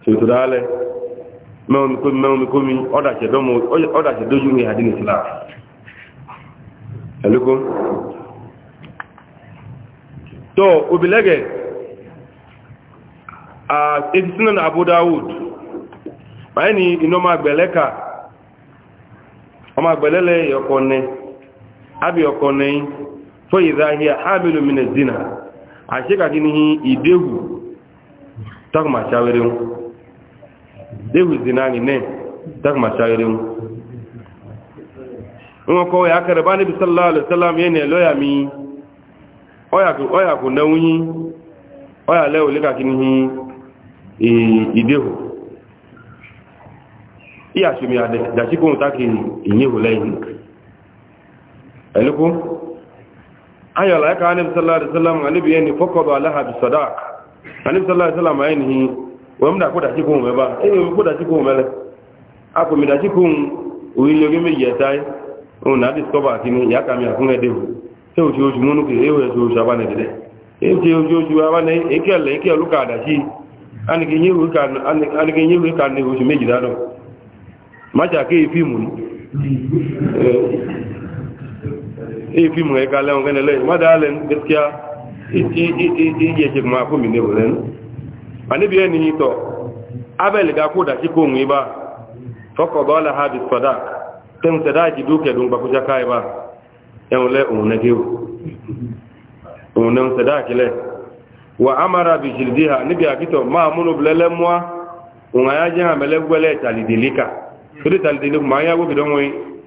ṣètò dáálẹ̀ mẹ́wọ́n kómi mẹ́wọ́n kómi ọ̀dàṣẹ̀ dójú ní hadith islam ẹ̀lẹ́kọ́ tó obì lẹ́gẹ̀ ebisina na abu dawud báyé ni iná máa gbẹ̀lẹ́ ka ọmọ àgbẹ̀lẹ́lẹ́ ọkọ̀ ní àbí ọkọ̀ ní fọ́ìdá ihe hamilu zina a ṣe ka gini idehu takma shawarin idehu zina ne takma shawarin inwọ kọwa ya kare ba ni bi sallallahu alaihi wasallam ya ne loya mi oyaku na wunyi oyale wuli ka gini idehu iya ṣe mi adẹ da ṣe kọwata ki inye wule yi ayọ̀ láìka anìm sallallahu alaihi wasallam ni ẹni fọ́kọ̀dọ̀ aláhàbì sadak anìm sallallahu alaihi wasallam ayé nìyí wọ́n dà kódà síkò mẹ́ bá ẹ̀yẹ omi kódà síkò mẹ́lẹ̀ akọ̀mìdà síkò òyìn yogi méjì ẹ̀ta òun náà discover àti ní ìyá kàmì àkúnrẹ́ dèbò o oṣù o múnú kì í oṣù oṣù abánẹ̀ dẹ̀dẹ̀ èyí ṣe oṣù oṣù abánẹ̀ ìkẹ́lẹ̀ ìkẹ́ olúkà àdàṣì anìkẹ́ e mu ega lẹ́wọ̀n gẹ́nẹ̀ lẹ́yìn wọ́n dáa i gaskiya iye ṣe ma kó mi ní òun lẹ́nu a níbi ẹni abel ga kó dàtí kó òun ibá fọ́kọ̀bọ́ ọlá ha bí sọ́dá tẹ́hùn sẹ́dá àti dúkẹ́ dùn gbàkúṣá ká ibá ẹ̀hùn lẹ́ òun nẹ́gẹ́ òun nẹ́hùn sẹ́dá àkílẹ̀ wà á ha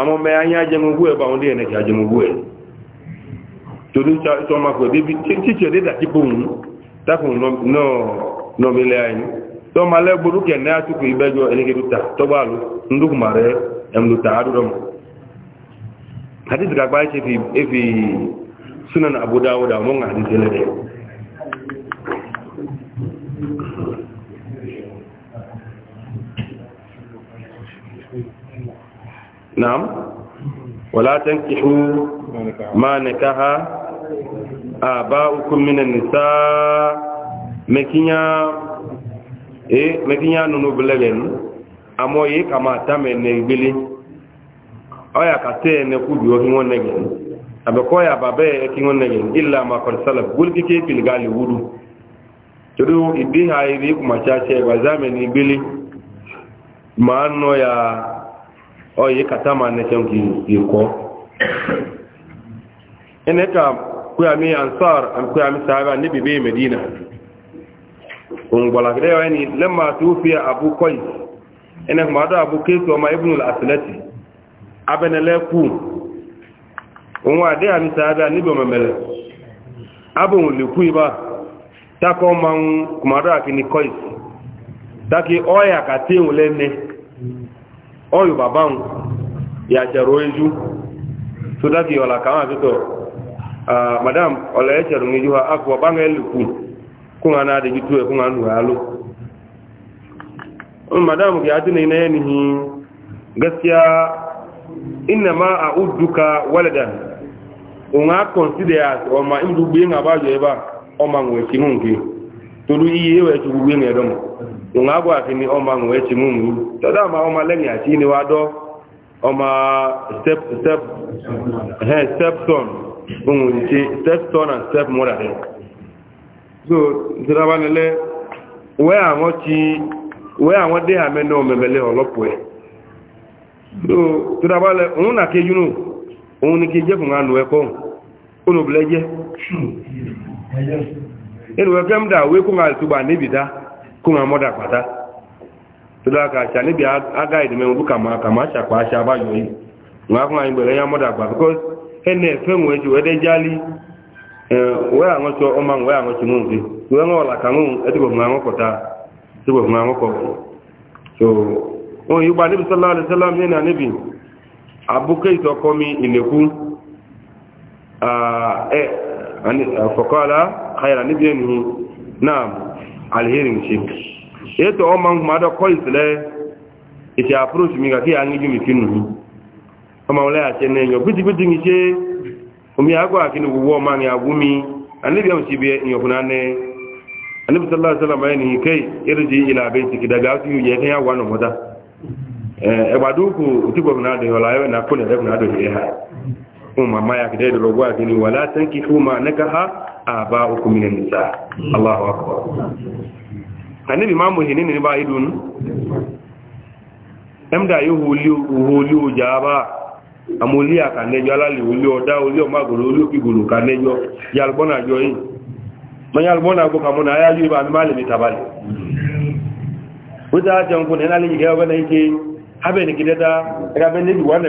àmọ́ mẹ́ ayé ajẹmogú ndị bá wọn dé ẹ̀nẹ̀ kí ajẹmogú ẹ̀ torí sọmakọ̀ débi títí ọdẹ dàtí ya tákùn náà mílẹ̀ ayé tọ́mọ alẹ́ gbọ́dọ̀ kẹ̀ ní àtúkù ìbẹ́jọ ẹnikẹ́dù ta tọ́gbà ló ń نعم ولا تنكحوا ما نكها آباؤكم من النساء مكينا إيه مكينا ننبلغن أموي إيه كما تمن نبلي أويا كتير نكود يوهي ونجن أبقوا يا بابا يكي ونجن إلا ما قد سلف قل كي بالغالي ودو تدو إديها إذيكم أشاشي وزامن نبلي ما أنو يا oyi kata ma ne kem ki ko ene ka ku ansar am ku ami sahaba ni bibi medina un bala gre yani lamma tufiya abu qais ene ma da abu qais ma ibn al aslati abana le ku un wa de ami sahaba ni bo mamele abu le ku iba ta ko man kuma da kini qais taki oya ka te un le ọyụ baba m ya chọrọ eju sodaki ọla ka ma tụtọ ah, madam ọla ya m eju ha akụ ọba nga elekwu kụnga na adịghị tuwe kụnga nụ ha alụ oh, madam ga adị na ina ya nihi gaskiya inna ma a udduka waladan unga consider as ọma oh, imdugbe nga ba jọ oh, ebe a ọma nwee chi nke tolu iyi ewe chukwu gbe nga edomo nga gwa kini ọma nwe chi mu mu tada ma ọma lẹ́yìn àti ni wa ọmụ a step step he step son bungu nti step son and step mother de so tiraba nile we àwọn chi we àwọn de ha mena o memele olopo e so tiraba le un na ke yunu un ni ke je fun anu e ko unu bleje enu we da we ku ngal tuba ni bida kún àwọn mọ́dà pàtá tó dáa ka àṣà níbi ágá ìdìmẹ́wọ̀n bú kama kàmá ṣàpá aṣa abáyọ yìí wọn á fún àwọn ìgbẹ̀rẹ̀ yá mọ́dà pàtó kọ́ ẹnẹ fẹ́hùn ẹjọ ẹdẹ jálí wẹ́ àwọn sọ ọmọ wẹ́ àwọn sọ mọ́n fi wọn kàmú fún àwọn fún àwọn so wọn yìí níbi sọlá sọlá mi níbi mi alherin ce eto o man ma da kois le ite approach mi ga ki an ju mi kinu o ma wala ase ne yo biti biti n'i se o mi agwa kinu wo ma mi agumi annabi am si be yo kuna ne annabi sallallahu alaihi wasallam kai irji ila daga su je ya wano moda eh e baduku utigo na de wala yo na kuna de kuna do ye ha umma ma ya kide do gwa wala nakaha aba'ukum min an-nisa Allahu akbar anibi mamu hinin ni ba idun emda yo holi holi o jaba amuli aka nejo alali holi o da holi o magoro holi o pigoro ka nejo yalbona jo yi man yalbona go kamuna ya li tabali wuta jan kun na yake habe ni kidada ni duwa na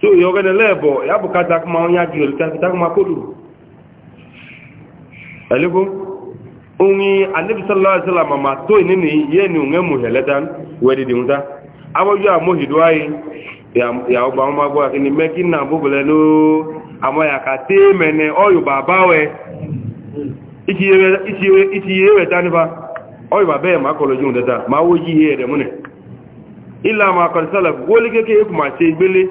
so yogene lebo ya bukata kuma onya jiro likita kuma kodu alibu unyi anabi sallallahu alaihi wasallam ma to ni ni ye ni unge mu heledan wedi di unta awoju amohi duai ya ya oba ma gwa n'ime meki na bubule no amo ya ka te mene oyu babawe iki weta n'ifa ye iki ye wetan ba oyu babe ma ko ji unta ma woji ye de mune illa ma qad salaf golige ke kuma se gbele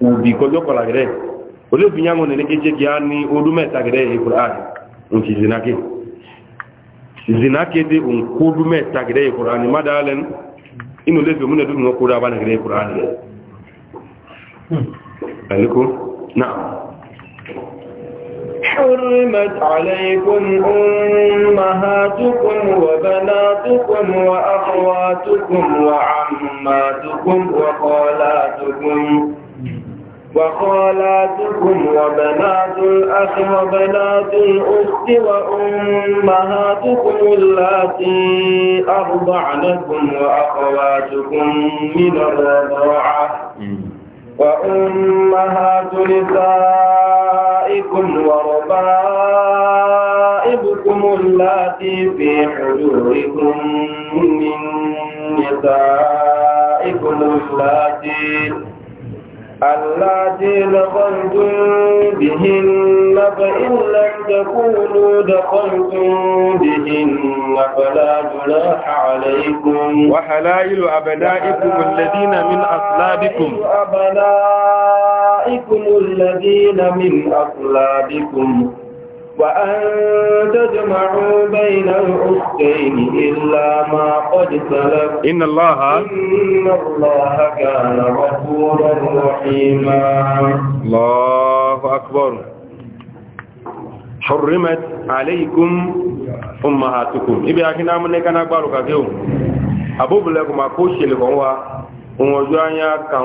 ubi kojo kola gere ole bi nyango ne ngeje giani odume ta gere e qur'an unti zinake zinake de un e qur'an madalen inu le bi mune du ngo e kura bana e qur'an حرمت عليكم أمهاتكم وبناتكم وأخواتكم وعماتكم وخالاتكم وخالاتكم وبنات الأخ وبنات الأخت وأمهاتكم اللاتي أرضعنكم وأخواتكم من الرضاعة وأمهات نسائكم وربائبكم اللاتي في حجوركم من نسائكم اللاتي اللاتي دخلتم بهن فإن لم تكونوا دخلتم بهن فلا جناح عليكم وحلائل أبنائكم الذين من أصلابكم أبنائكم الذين من أصلابكم وأن تجمعوا بين الحسين إلا ما قد سلف إن الله إن الله كان غفورا رحيما الله أكبر حرمت عليكم أمهاتكم إبي أكنا من كان أكبر كثير أبو بلكم أكوشي لكم ونجوانا كان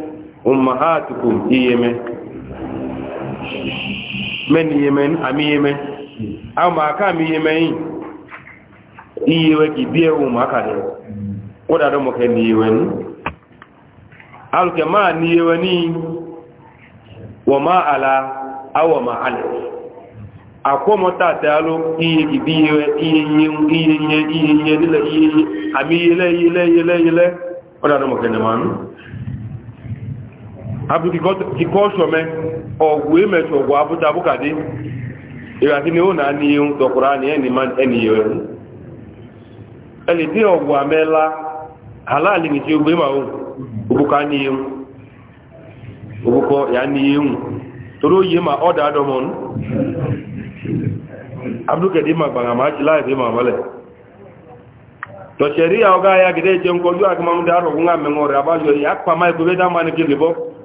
ummahatukum iyeme men yemen ami yeme ama ka mi yemen iyewe ki biye umma ka de oda do mo ke ni yewen alke ma ni yeweni wa ma ala aw ma ala akomo ta te alo iye ki biye iye iye iye iye iye iye ami ile ile ile ile oda do mo ke ne manu abu kíkọ́ ṣọ́mẹ́ ọ̀gbù ẹ̀mẹ̀tì ọ̀gbù abúta abúkàdé ìràtí ni ó náà ní ihun tọkùrá ní ẹni yẹ̀rù ẹni tí ọ̀gbù amẹ́lá aláàlì ní tí ó gbé màá òbúkọ ní ihun òbúkọ yà ní ihun torí ó yé ma ọ́dà àdọ́mọ́ nù abúkàdé ma gbàngà máa ti láì fi màá mọ́lẹ̀ tọ̀ṣẹ̀rí àwọn ọgá ayagidẹ́ jẹun kọjú àkímọ́mú dárò fún àmẹ́wọ̀n rẹ̀ abájọ ìyá pàmà ìkúbẹ́dá máa ní kí bọ́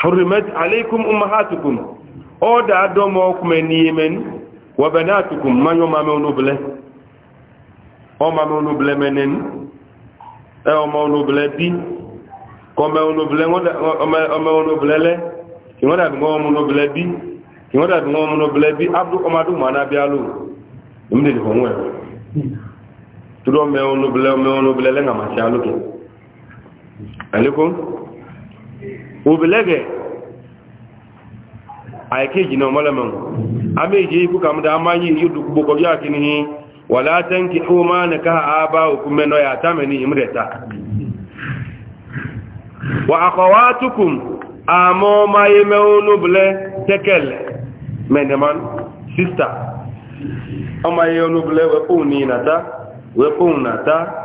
حرمت عليكم أمهاتكم أودا دوموكم من يمن وبناتكم ما يوم ما نبله أو ما نبله منن أو ما نبله بي كما نبله ما نبله له كما نبله بي kìí bi dàbí wọn mú lọ́bìlẹ̀ bí abdul ọmọdún mọ̀nà obelege aikeji na malamin ameji iku kam da amanyi yudu boko ya kinihi wala tanki na ka aba no ya imreta wa akhawatukum amo ble tekel meneman sister ble nata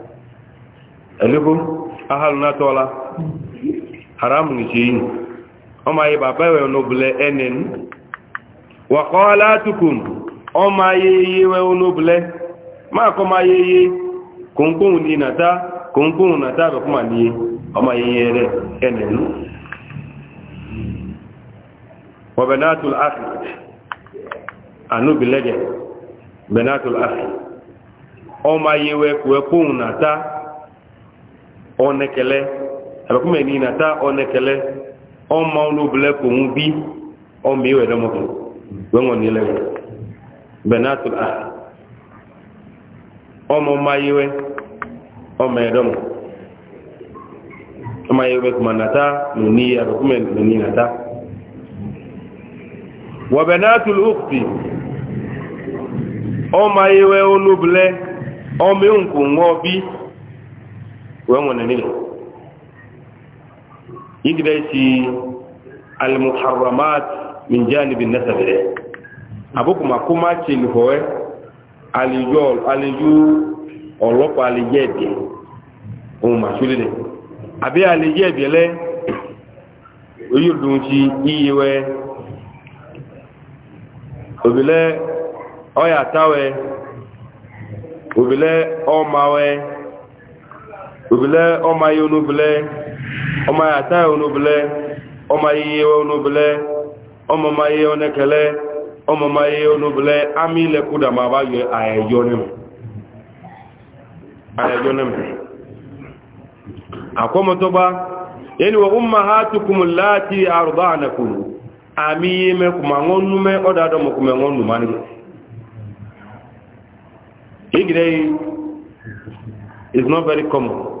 ẹnugo ahalu n'atọla haramu nìṣe yìí ọmọ ayé bàbá ẹwẹ onóbulẹ ẹnẹn wàkọ aláàtùkùn ọmọ ayéyé wẹ onóbulẹ máa kọ ọmọ ayéyé kòńkóhùn ní nàta ọmọ ọmọ ọnẹkẹlẹ àbẹ̀kúmẹ̀ ní ìnàtà ọnẹkẹlẹ ọmọ olóbìlẹ̀ kò ń bí ọmọ ìwẹ̀ dọ́mọkùn gbẹ́wọ̀n nílẹ̀ bẹ̀nàtò à ọmọ mayewẹ ọmọ ẹ̀dọ́mọ ومن نيل يجدي المحرمات من جانب النسب abokuma kuma tseli hɔɛ alidzɔ alidzo ɔlɔpɔ alidzɛ aliyu ɔmo ma tsuli dɛ abe alidzɛ ɛdiɛ lɛ oyo do ŋuti iye wɛ obi lɛ ɔyata wɛ obele ọma ya onubele ọma ya ata ya ọma ihe onubele ọma ma ihe onekele ọma ma ihe ma ba yọ ayẹyọ nemu ayẹyọ nemu ha tukumu arụba arùbá ànàkùnù àmì kuma mẹkùnmá wọn is not very common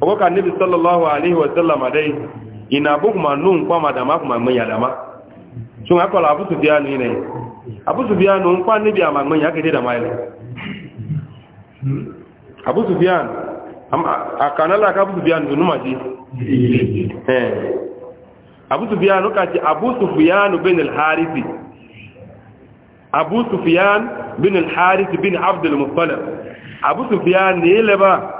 ogoka nabi sallallahu alaihi wasallam dai ina bu kuma nun kwa madama kuma mun ya dama sun akola abu sufyanu ne abu sufyanu kwa nabi amma mun ya kade da mai abu sufyan a kanala ka abu sufyan dunu maji eh abu sufyan ka ce abu sufyan bin al-harith abu sufyan bin al muttalib abu sufyan ne leba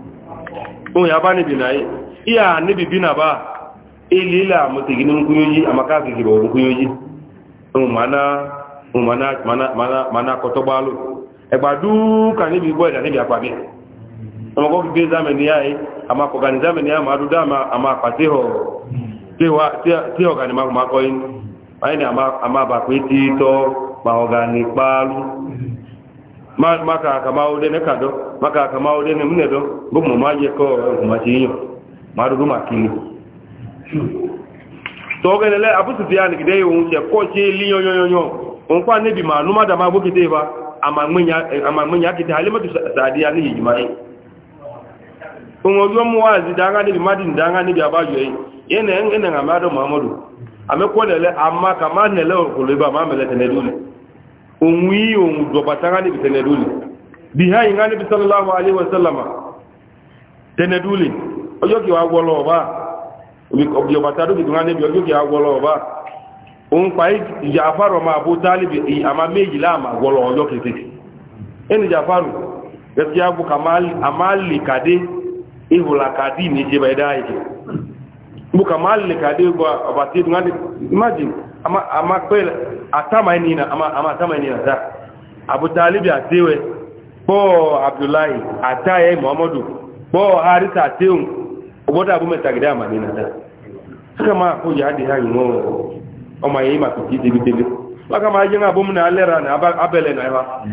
onye aba nibi na ihe na ba ilila mutegi ni nkwunye oyi amaka oyi mana akọtọgbalụ ẹgbàdú ka níbi gbọ́ ìdà níbi àpàdé ọmọkọ́ gbígbé zámẹni yáà àmà kọ̀gàní zámẹni yáà máa dúdá àmà pàálù maka akama ode ne kado maka akama ode ne mne do bo mo maje ko ma ti yin ma do ma kini to gele le abu sufyan gide yo un se ko se li yo yo yo on kwa ne bi ma nu ma da ma bo kite ba ama munya ama munya kite halimatu sadiya ni yimai on e. ojo mu wazi danga ni bi madin danga ni bi yi yene e ene ngama do muhammadu ame ko lele ama kama ne le ko ba ma mele tene ohun yi ohun gbọbata ha níbi tẹnẹdúlì bí ha yìí ha níbi sallallahu alaihi wasallama tẹnẹdúlì ọjọ́ kí wàá gbọ́lọ̀ ọba ọbata dókè tó ha níbi ọjọ́ kí wàá gbọ́lọ̀ ọba òun pa ìjà afárò máa bó tálíbi àmà méjìlá àmà gbọ́lọ̀ ọjọ́ kété ẹni ìjà afárò gẹ́gẹ́ bí a máa lè kàdé ihùlà kàdí ní ìjẹba mbuka mali kadi kwa abati ngani imagine ama ama kweli atama nina ama ama atama na za Abu Talib atiwe bo Abdullahi ataye Muhammadu bo Harisa atiwe ubota abume tagida manina za kama kuja hadi hangi ngo oma yima kujidi bitili baka maji nga bomu na alera na abele na yawa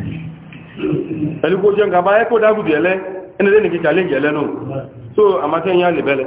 alikuja ngaba yako dagu biele ene ni kichallenge ele no so amatenya bele.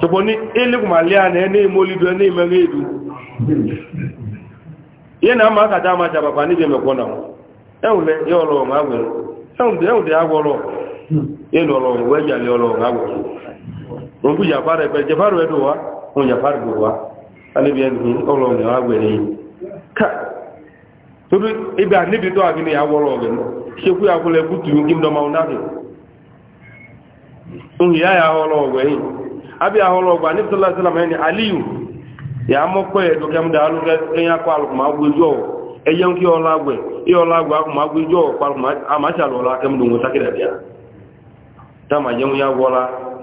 chọpọ ní elekwumalia na ene na ama akacha amacha n'ije na enwere ya ọlọ ọma gwere enwere ya gwọrọ ịlụ ọlọ wee jali ọlọ ọma gwere ogu jafara jafara edu wa jafara edu wa alebi ẹnu ọlọ ọma gwere ka torí ibi àníbi tó ya gwọrọ ọgbẹ̀ ṣekú ya nhi ya ya ahọrọ ọgwa yi abịa ahọrọ ọgwa ndị sọla sọla ma ni aliyu ya amọkọ ya dọkịta m daalụ ka akọ ijọ ọla ọla ijọ alụ ọla aka m dị nwụta kịrị tama ya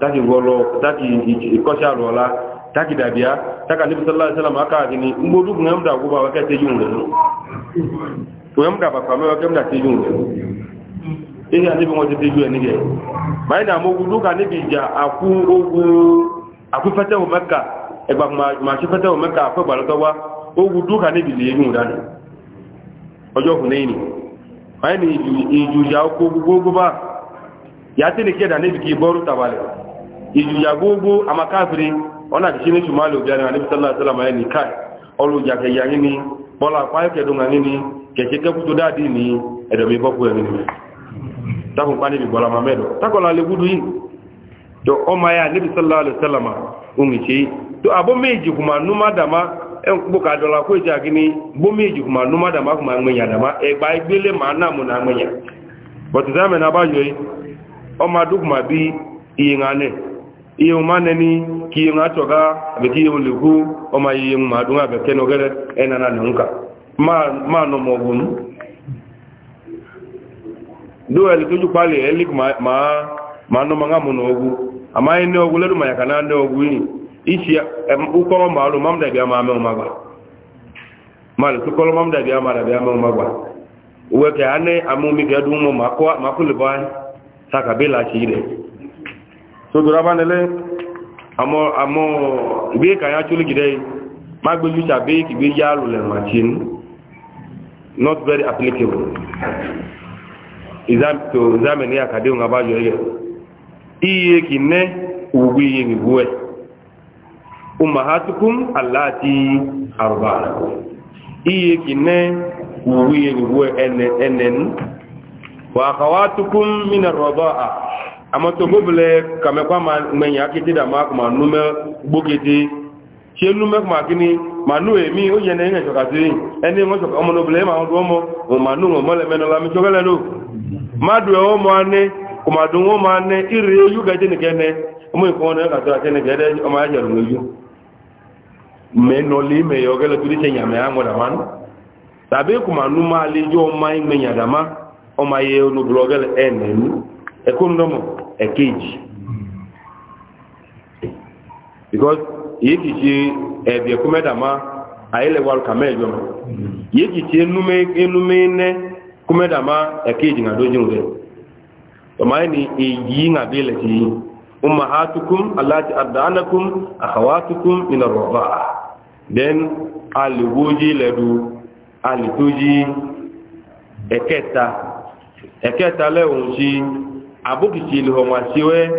taki taki ọla taki taka ma aka gịnị mgbọdụ bụ nwem da agwụba waka teji nwụrụ nwem da da ihe a níbi wọn ti déjú ẹni yẹ báyìí náà mo wu lóka níbi ìjà àkú ogun àkúfẹ́tẹ̀wò mẹ́ka ẹgbà máa ṣe fẹ́tẹ̀wò mẹ́ka àfẹ́gbàlọ́tọ́ wá ó wu níbi lè yẹnu dání ọjọ́ kù lẹ́yìn ni báyìí ni ìjù ìjà oko gbogbo bá yà á tẹ́lẹ̀ kí ẹ̀dá níbi kí bọ́ọ̀rù tàbálẹ̀ ìjù ìjà gbogbo amakáfiri ọ̀nà àti ṣẹ́ni ṣùmọ́lẹ̀ òbí àríwá níbi sálà sálà máa ní káì ọlùjà kẹyà yín ni bọ́lá takun kpani bi bɔla mamɛ dɔ takɔla le wudu yi oh, ya nebi sallallahu alaihi wasallam ŋun tse tɔ a bɔ mee numa dama ɛn eh, kpo ka la ko ja kini bɔ mee numa dama kuma eh, oh, ma na mu na ŋmɛnya n'aba yɔ yi ɔma bi iye ni a bɛ ha le a maa duel el tuju pali elik ma ma no manga mun ogu ama ogu ledu ma yakana ogu ichi uko ma alu mam ma mal tu kolo ke ane du mo ma ko ma saka chi so amo amo bi ka ya chuli gide ma gbe ju cha be ki bi ya lu le ma chin Izamto, zamani ya kade nga bajo ye iye kinne ubi ye ni buwe ummahatukum allati arba'ana iye kinne ubi ye ni buwe enen enen wa akhawatukum min ar-rida'a ama to gobele kame kwa ma menya kiti da ma kuma nume gbogete ṣe nume kuma kini manu emi o yene ne sokati eni ngo sokati omo no blema omo mo manu mo mole menola mi sokale do madu ya omo ane kumadu omo ane iri eyu ga jini kene omo ikon ne ga jini kene gede omo ya jaru eyu me no li me yo gele tu dice nyame amo da man tabe kumanu ma li jo omo ai me nyadama omo ye onu blogel ene ni e kundo mo e keji because yiki ji e bi kumeda ma ayele wal kamel yo ma yiki ti enume enume ne kumeda ma yakeji nga doji ngure to maani e yi nga bele ti ummahatukum allati adanakum akhawatukum min ar-ridaa den alwoji ledu alitoji eketa eketa le onji abukisi lo ma siwe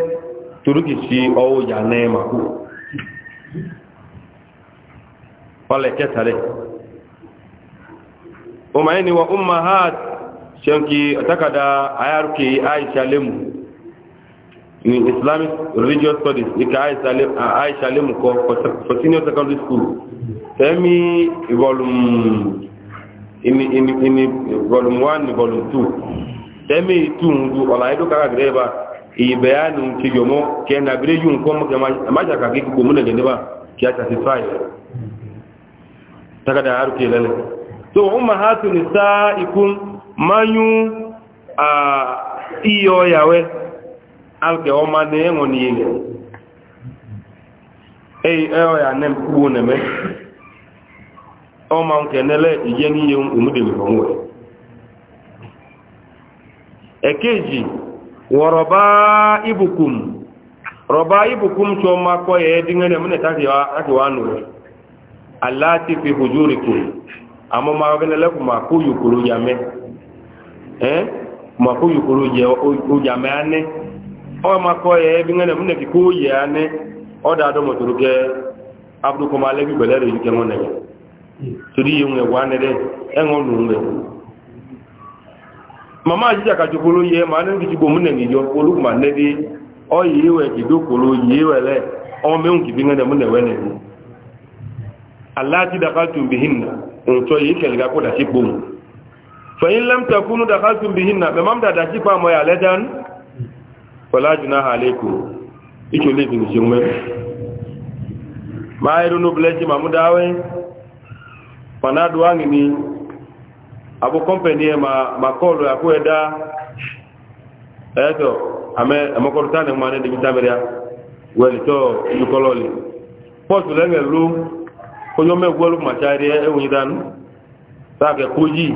turukisi owo ya nema ku wala eketa le ni wa ummahat shanki atakada ayarki aisha lemu ni islamic religious studies ika aisha lemu, aisha lemu ko for senior secondary school semi volume in in in volume one volume two semi 2 ndu ola edo kaka greba i bayanu ti yomo ke na bire yun ko mo ma ja ka ki ko mo ne ne ba ki ata satisfy takada ayarki lele so ummahatul nisaikum manyu a iyo yawe alke o ma ne ngon yinge ei eo ya nem kubu ne me o ma nke nele ijengi yun umude mi onwe ekeji woroba ibukum roba ibukum cho ma ko ye dingene mune tati wa ati wa nu allati fi hujurikum amma ma gele lakuma ku yukuru yame eh ma huyu kuruje uja mane o ma ko ye bi ye ane o da do mo turuke abdu ko male bi bele re ke yunge wane de engo nunge mama ajija ka ye ma ne ki bo mun yo olu ma ne o yi we ki do kulu yi we le o me un bi ngene mun ne we ne Allah ti da na. ko da فإن لم تكونوا دخلتم بهن بمام دا داشي با مويا لدان فلا جناح عليكم إيشو لي في نشيوم ما يرونو بلجي مامو داوي فانا دواني ني abo company ma makolo ya kweda eto ame amakorutane mwana ndi mitaberia weli to yukololi potu lenge lu konyo megwelu machari e unyidan sake kuji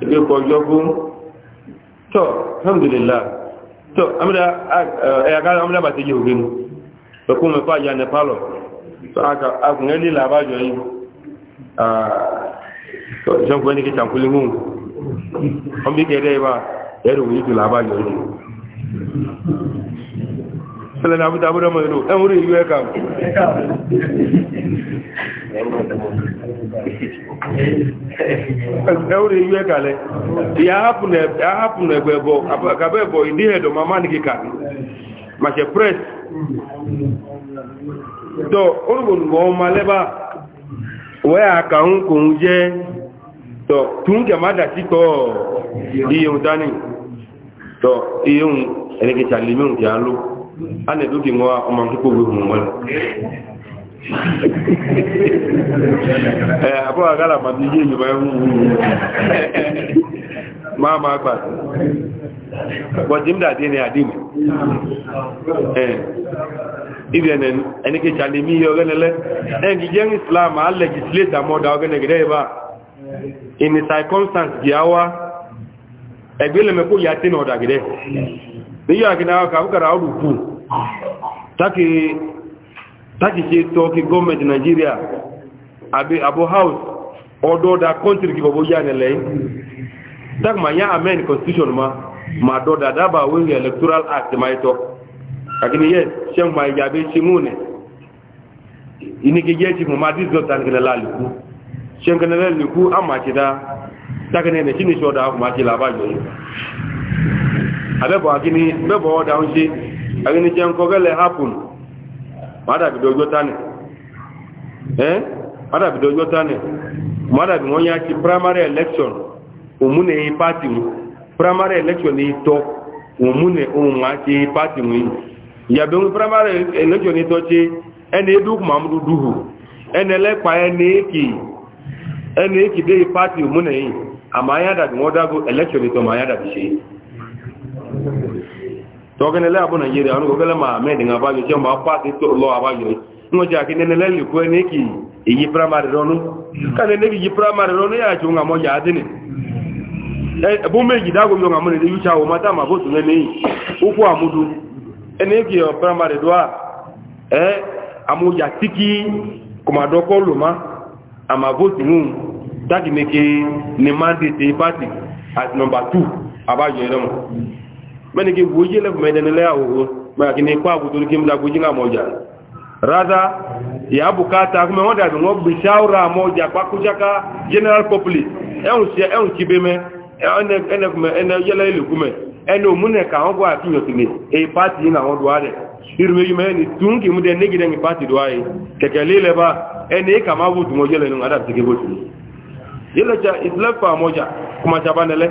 ebe kọjọ gún tọ́ alhamdulillah tọ́ ẹ̀yàkára amúdá bàtí yìí ògbénu pẹ̀kún mẹ́fà ya nepalọ̀ akùnrin ní làbájọ yìí ṣọ́nkùnrin ní kí ṣàkúlé mú ọmọ ìkẹrẹ ìwà ẹ̀rù yìí tó làbájọ yìí ewúrẹ́ yú ẹ kalẹ̀ ìyá ahapun ẹgbẹ́ bọ̀ àkàbẹ́ bọ̀ ìdí ẹ̀dọ̀ máa máa ní kíkà màṣẹ press tọ́ orúgbòǹgbò ọmọ alẹ́bà wẹ́ àkàún kò ń jẹ́ tọ́ tún kẹ má dàtí tọ́ iye ń tání tọ́ iye ń ẹ̀rẹ́kẹ̀ṣàlẹ̀ mẹ́rùn-ún kí a ló á nẹ̀dókè wọn ọmọ kíkò wé hùn wọn ee abụọ agara maka ihe enyima ma ma gba bọ̀dí mdà dí ni àdínì ìdí ẹ̀nẹ̀ ẹnikẹ̀ṣà lè mí iye ọgẹ́nẹ̀lẹ́ ẹni jẹ́ islam a legislator mọ́dá ọgẹ́nẹ̀gẹ́dẹ́ ìbá in the circumstance di awa ẹgbẹ́lẹ̀mẹ́kó yà tí ní ọ̀dàgẹ́dẹ́ takice toki gwamnati nigeria abu house odo da country ki babu yana lai tak ma ya amen constitution ma ma do da da ba wani electoral act ma ito akini yes shan ma ya be shi mune ini ke yeji mu ma dizo tan kana laliku shan kana laliku amma ki da tak ne ne shine shoda ma ki labajo yi abe bo akini be bo da unshi akini shan ko gele happen madabido ojo tani eh madabido ojo tani madabi won ya ti primary election omune yi party mu primary election ni to omune ohun ma ti party mu ya be mu primary election ni to ti ene edu mamdu duhu ene lepa ene ki ene ki de party omune yi ama ya dabi won dago election ni to ma ya dabi se tɔgɛnɛlɛ abɔ nàìjíríà ɔnu kɔkɛlɛ ma mɛ ɛdini abajɔ tí wọn bá paaki tó lɔ abajɔ yi ŋun jẹ àti nɛnɛlɛ lìkú ɛ ní kì í yi piramari rɔnu kàní ní kì í yi piramari rɔnu yà àti ŋàmɔ yà á dini ɛ bó méjì dáko mi ŋàmɔ ní yíṣà wò má tá ma bó tún ɛni ukú amudu ɛni e, kì í yɔ piramari do a ɛ e, amudza tiki kòmadɔ kɔ lòmá àmà bó tún ŋun dákì ní kì í ní mandate party àti nɔmba two abajɔ yẹrɛ mu mẹ́ni kí gbójí lẹ́fù mẹ́dẹ̀nilẹ́ àwòrán mẹ́ra kí ní ipá àbútó kí n da gbójí náà mọ́jà rádá ìyá bukata fún mẹ́wọ́n dàbí wọ́n gbé sáúrà mọ́jà pákúṣáká general public ẹ̀hùn sí bẹ́mẹ́ ẹnẹ́yẹlẹ́ ìlúkúmẹ̀ ẹni òmúnẹ̀ káwọn gbọ́ àti ìyọ̀tìlẹ̀ èyí pàtì yìí àwọn dùwà rẹ̀ irúmẹ́ yìí mẹ́rin tún kì mú dẹ nígidẹ́ ní pàtì dùwà yìí kẹ̀kẹ́ lílẹ̀ bá ẹni ìkà máa wò tùmọ̀ yẹlẹ̀ nù adàbìsíkẹ́ bó tùmọ̀ yẹlẹ̀ ìtìlẹ́fà mọ́jà kọmọ̀ṣàbánilẹ́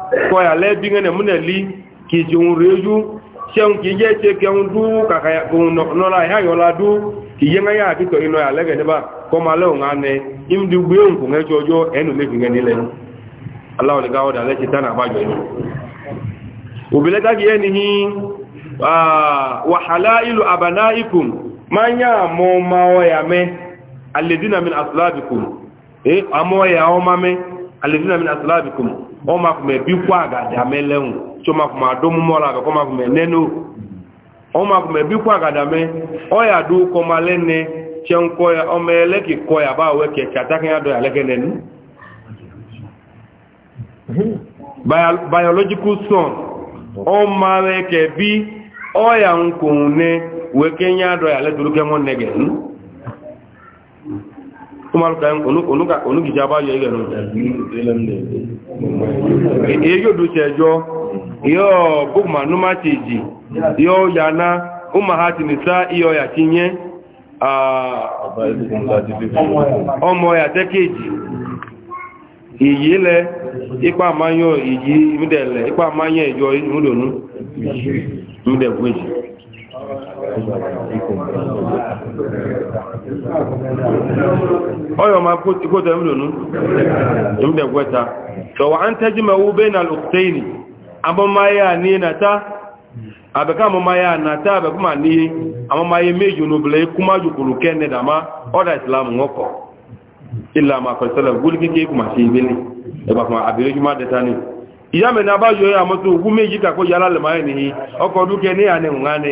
kɔya lɛ biŋɛ nɛ mu nɛ li k'i tsi ŋun reju sɛŋ k'i yɛ tse kɛ ŋun du kaka nɔla ya yɔ la du k'i yɛ ŋa ya a ti tɔ inɔ ya lɛ kɛ ne ba kɔma lɛ o ŋa nɛ im di gbe ŋun kuŋɛ tsɔjɔ ɛnu lɛ biŋɛ ni lɛ ala wòle ka wò da lɛ tsi tan ba jɔ yi òbílɛ ta k'i yɛ ni hi aa ah, wahala ilu abana ikum ma nya mɔ ma wɔ ya mɛ alidina min asilabikum ee eh, amɔ ya wɔ ma mɛ alidina min asilabikum. ọma kò mẹ bí kó àgàdì amẹlẹhùn tí ọma kò mẹ enenu. àgbà kọma kò mẹ nẹnu ọma kò mẹ bí kó àgàdì amẹ ọyà dó kọma lẹnẹ tí kọ ya ọmọ ẹlẹkì kọ ya bá wẹ kẹkẹ atákẹyà dọ yàlẹkẹ nẹnu. biological son ọma ẹkẹ bí ọyà nkùn nẹ wẹ kẹnyà dọ yàlẹ dúró kẹmọ nẹgẹ nù. kumaluka onuka onugija ba yo igenu e yo do sejo yo bugma numa tiji yo yana umma hati nisa iyo ya kinye ah omo ya tekeji iyile ipa manyo iji ipa ọyọ̀ ma kó tẹ̀ ń lónú ìmúdẹ̀ gwẹta tọ̀wọ̀ an tẹ́jú mẹ́wú bẹ́ na lọ́tẹ́ni abọ́máyà ní nàta àbẹ̀ká àmọ́máyà nàta àbẹ̀kúmà ní àmọ́máyà méjì onóbìnrin kúmájù kòrò kẹ́ẹ̀nẹ̀ dàmá ọ́dà ìsìlámù ọkọ̀ ni ìyá mẹ́ni ogún méjì kàkó yálà nìyí ọkọ̀ ní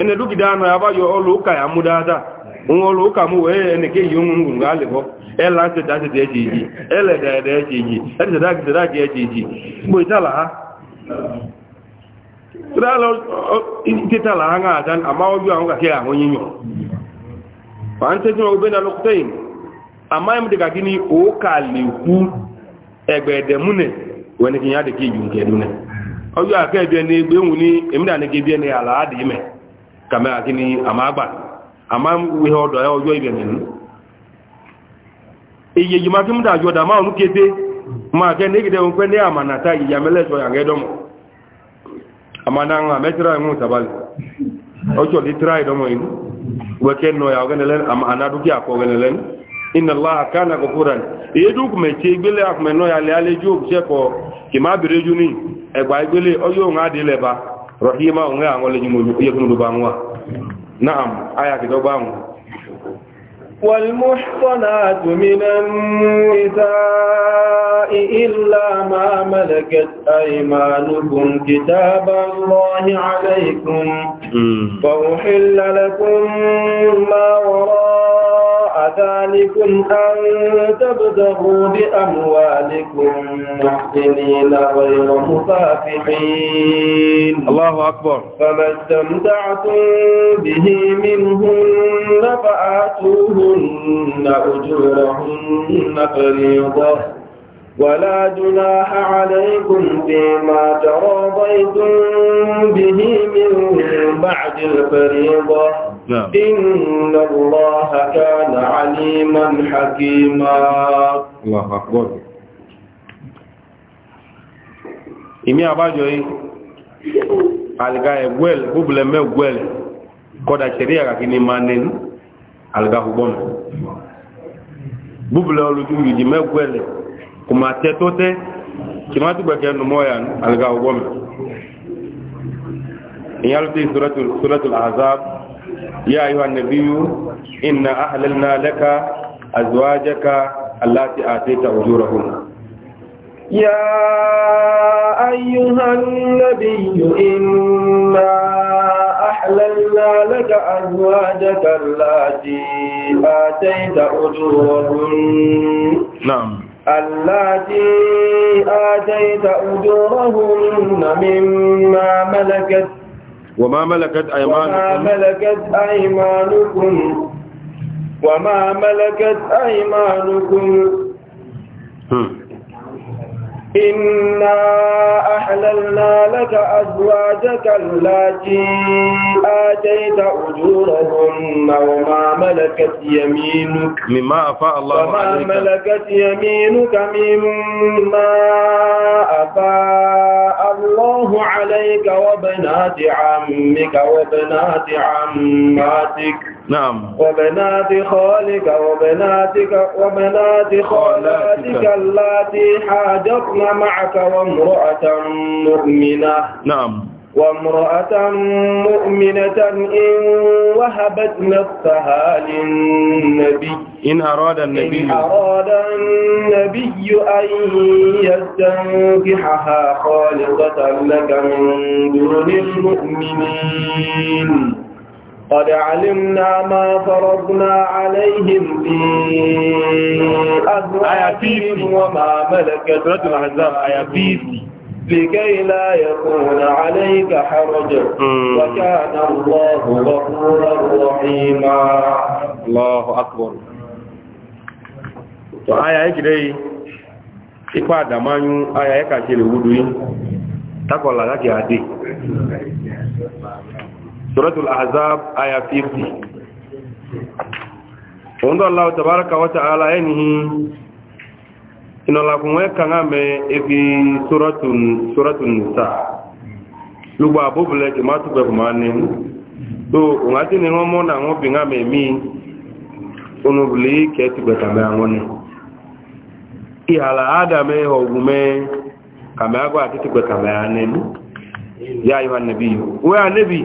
ene dugide anụ ya gbaghị ụka ya mụ dada nwa ọlụ ụka mụ wee ene ka ehi onwe ngwụ ga-alịbọ ele asịda asịda eji eji ele dada eji eji edịdada gịdada gị eji eji gbo itala ha ha àdán àwọn kàkẹ́ àwọn yíyàn ọjọ́ àkẹ́ bí ẹni gbé wù ní èmìnà ní gẹ́bí ẹni àlàádìí mẹ́ kàmẹ́ àti ní àmàgbà àmà wí ọdọ̀ ẹ ọjọ́ ìbẹ̀ nínú iye yìí máa kí múdà àjọ dàmà òun kété máa kẹ́ ní ìdẹ̀ òun pẹ́ ní àmànàtà ìyàmẹ́lẹ́sọ àgẹ́dọ́mọ̀ àmànà àmẹ́tìrà ìmú sàbálì ọjọ́ lítírà ìdọ́mọ̀ ya ọgẹ́nẹlẹ́nu àmànàdúkì àkọ́ ọgẹ́nẹlẹ́nu inna ẹgbà ìgbélé ọjọ́ òun á di lẹ́ba rọ̀hìmá òun ẹ̀ àwọn olè والمحصنات من النساء إلا ما ملكت أيمانكم كتاب الله عليكم فأحل لكم ما وراء ذلكم أن تبدغوا بأموالكم محسنين غير مصافحين الله أكبر فما استمتعتم به منهن فآتوه آتوهن أجورهن فريضة ولا جناح عليكم فيما تراضيتم به من بعد الفريضة إن الله كان عليما حكيما الله أكبر ìmí àbájọ yìí àlìgá ẹ̀gbẹ́lẹ̀ búbùlẹ̀ mẹ́gbẹ́lẹ̀ kọ́dà ṣẹ̀rí àkàkì ni máa nẹ́nu aligahu gbɔnu bubula oludu yidi mɛgbɛlɛ kuma tɛtɔtɛ tìmátì gbɛkɛ numɔ yan aligahu gbɔnu ìyálùtí suratul azab ya ayi wa nabiyu inna ahlalna laka azwajaka allati atita ujurahum يا أيها النبي إنا أحللنا لك أزواجك التي آتيت أجورهن نعم التي آتيت أجورهن مما ملكت وما ملكت أيمانكم وما ملكت أيمانكم وما ملكت أيمانكم إنا أحللنا لك أزواجك التي آتيت أجورهن وما ملكت يمينك مما أفاء الله وما عليك وما ملكت يمينك مما أفاء الله عليك وبنات عمك وبنات عماتك نعم وبنات خالك وبناتك وبنات خالاتك اللاتي حاجتنا معك وامرأة مؤمنة نعم وامرأة مؤمنة إن وهبت نفسها للنبي إن أراد النبي إن أراد النبي أن يستنكحها خالصة لك من دون المؤمنين قد علمنا ما فرضنا عليهم في أزواجهم وما ملكت سورة الأحزاب آياتي لكي لا يكون عليك حرج وكان الله غفورا رحيما الله أكبر وآية كده ipa adamanyu aya eka se wudu yi takola adị. suratul ahzab aya 50 wanda Allah tabaraka wa ta'ala yanihi ina la kun weka ngame ebi suratun suratun nisa lugba bobule ti matu be kumane to ngati ni ngomo na ngobi ngame mi onu buli ke ti be tabe angone ki ala adame ho gume kama agwa ti ti be kama ane ya ayuha nabi wa nabi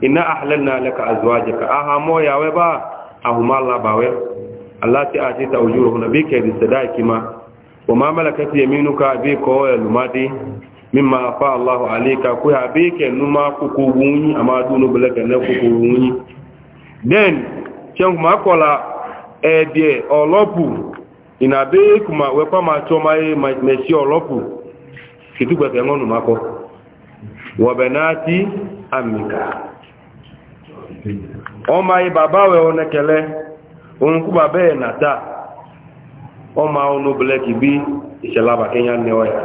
inna ahlalna laka azwajaka aha moya we ba ahuma ba we allati atita ujuruhunna bika bisadaki ma na ma malakat yaminuka bi ko lumadi mimma fa Allahu alayka ku ha bika numa ku ku wuni ama dunu na kola e olopu ina e ọmọ ayé bàbá wẹ̀ ọ nẹ́kẹ̀lẹ́ ohun kú bàbá ọmọ àwọn obìnrin bí ìṣẹ̀lá bàkẹ́yà ní ọ̀yà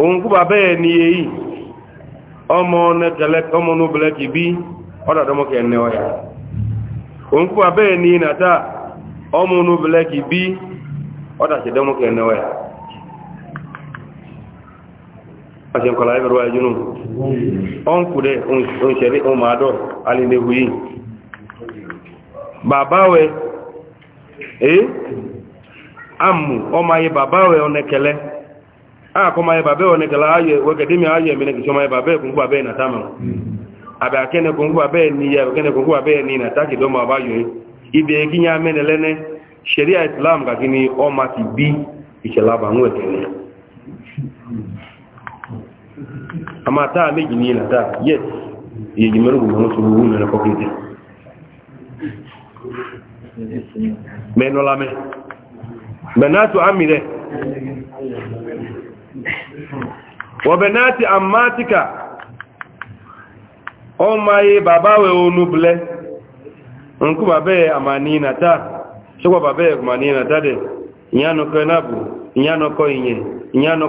ohun kú bàbá ẹ̀ ní èyí ọmọ obìnrin bí ohun bí ọ̀dàṣẹ̀dọ́mọ́kẹ́ ní asen kola ibe ruwa junu on kude on sheri on mado ali ne huyi babawe eh amu o maye babawe onekele a ko maye babe onekele aye wegede mi aye mi ne kicho maye babe kun babe abe akene kun babe ni akene kun babe ni na taki do e. ibe ginya menele ne sheria islam ga gini o ma ti bi ìṣẹ̀lá àbàmú amma ta meji ni na ta yes ye ji marugo mo so wu na ko kiti me no la me banatu amire wa banati ammatika o maye babawe onu ble nku babe amani na ta sokwa babe amani na ta de nyano kanabu nyano ko inye nyano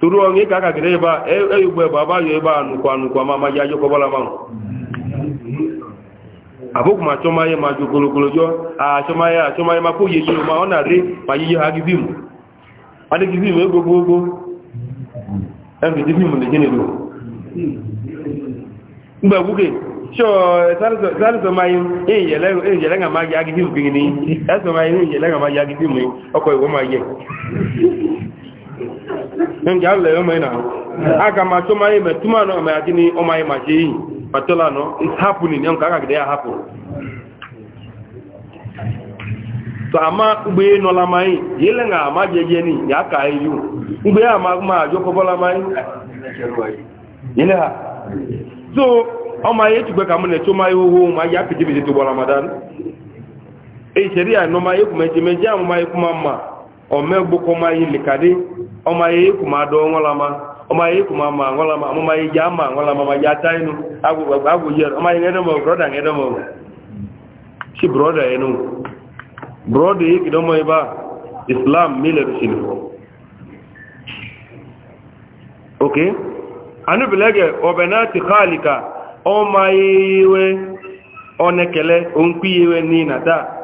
turu onye ka aka gịrị ebe e a eyi ugbo ebe abayọ ebe a nụkwa nụkwa ma ma ya jokọbala ma abụkwu ma achọmaghị ma jọ achọmaghị achọmaghị ma kwụ yeji ma ọ na-arị ma yiyi ha gibim adịgibim ego gbogbo ebidibim na jenelu mgbe gwuke sọ́rọ̀sọ̀máyí ìyẹ̀lẹ́gà máa nke ala ya ụmụ na aga m achọ manye m,a tụma anọ ma ya gịnị ọmanye ma jee iyi ma tụla anọ hapụ nile nke aka gide ya hapụ to ama ugbe nọla mai yele na ama jeje ni ya ka ayu ugbe ama ma jo ko bola mai yele ha so o ma ye tugbe ka mune chuma yo ho ma ya pịtịpịtị bidi to bola madan e eh, sheria no ma ye kuma je meje ama ma ye kuma ma omegbokomayi likadi omayi kuma do ngolama omayi kuma ma ngolama omayi jama ngolama ma jata inu agu agu yer omayi ngede mo broda ngede mo si broda inu broda yi kidomo iba islam mile rusinu okay anu bilege obenati khalika omayi we onekele onkuyiwe ni nata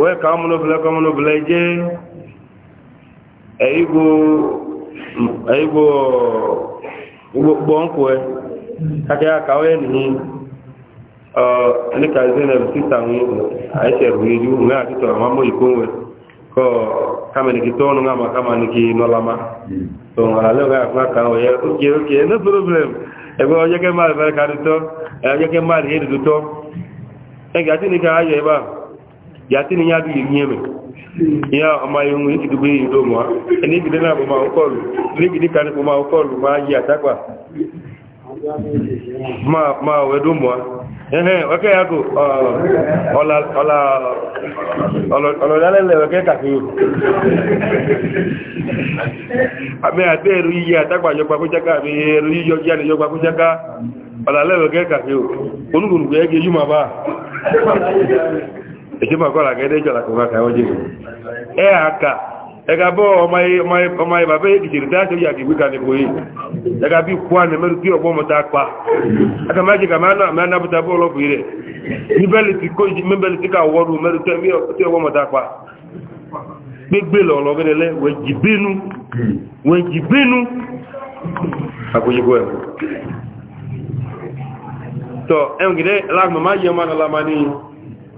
wee ka ọmụnobele ka ọmụnobele jee igbo e igbo kpọ nkwụ e. kaka ya ka onye sita iri mụ ka kamenikite ọnụ nọlama so nwara le gaghị akwa ka onye oke oke no problem ebe onye ke mmadụ mere karịtọ onye ke mmadụ a yàtí ni yàdù yìí yẹmẹ ìyá ọmọ irun yìí kìdùgbé yìí ló mọ́ ẹni gidi náà bọ̀ máa kọlù níbi níka ní kò máa kọlù máa yí àtàkpà máa wẹ́ dó mọ́ ẹ̀hẹ́n ọ̀kẹ́ yàgò ọ̀lọ̀dálẹ́lẹ̀ ọ̀kẹ́ kàfíò àmì àti ẹ̀rù yíyí àtàkpà yọpa kújáká àmì ẹ̀rù yíyọ jí àni yọpa kújáká ọ̀lọ̀dálẹ́lẹ̀ ọ̀kẹ́ kàfíò onúkùnùkù ẹ̀gẹ́ yú màá bá ìṣẹ́mọ̀ kọ́lá gẹ́gẹ́ ìjọlá kọ̀ọ̀kọ́ kàíwọ́ jẹ́ ẹ̀ àkà ẹ̀gà bọ́ ọmọ ìbàbá ìdìjìrì dáṣẹ́ yà kìí wíkà nípo yìí ẹ̀gà bí kwá ní mẹ́rin tí ọgbọ́n mọ́ta pa akamájì kà máa nábúta bọ́ọ̀lọ́ fún rẹ̀ níbẹ̀lì tí ká wọ́rù mẹ́rin tí ọgbọ́n mọ́ta pa gbégbé lọ́lọ́ gẹ́gẹ́lẹ́ wẹ̀jì bínú àkójíkó ẹ̀ tọ́ ẹ̀wọ̀n gẹ́gẹ́ láàmù má yẹ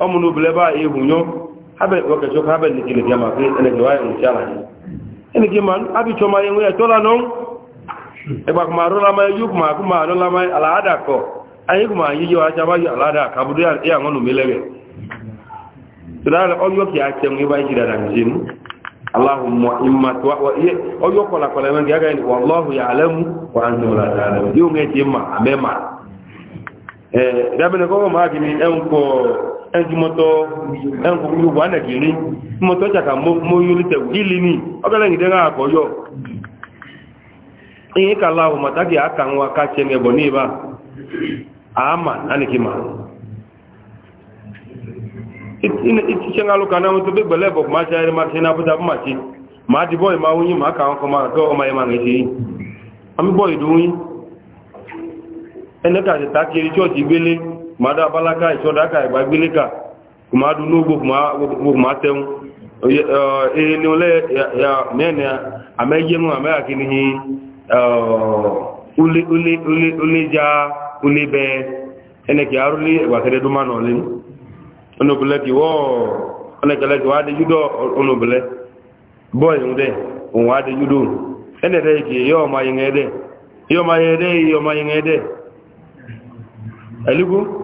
ọmụnụ beleba ehunyo ọkachọka ha ndị kele gị maka elegewa ya nche ala gị ma abịchọ ma ya chọla nọ ịgbakọ ma arụla ma eji ma akụ ma arụla ma ala anyị ma anyị ji ọhacha gbaghị ala ada ka bụrụ ya nọ n'omelere tụdara ọyọ ka ya che nwe ịba ijiri ada njem اللهم إما توا أو يقول لك ولا من جاي والله ma ẹnjúmọ́tọ́ ẹnkùnkùn wà nàìjírí mọ́tọ́ jàkà mọ́yúrítẹ̀ ìlì ní ọgọ́lẹ̀ ìdẹ́gà àkọ́yọ́ ihe kàlá ahù màtàkì àkà ń wa káàkiri ẹgbọ̀ ní ìbá àmà ánìkìmà ìtíṣẹ́ ńlálùkà náà tó gbẹ̀gbẹ̀lẹ̀ bọ̀ a ṣe ayẹrẹ máa ṣe mada da balaka iso da aka igba kuma du nugu kuma kuma teun eh ni ole ya mene ameye mu ameye kini hi uli uli uli uli ja uli be ene ki aruli igba kede duma no le ono bele ki wo ono kele ki wa de judo ono bele boy unde on wa de judo ene de ki yo ma yengede yo ma yede yo ma yengede eligo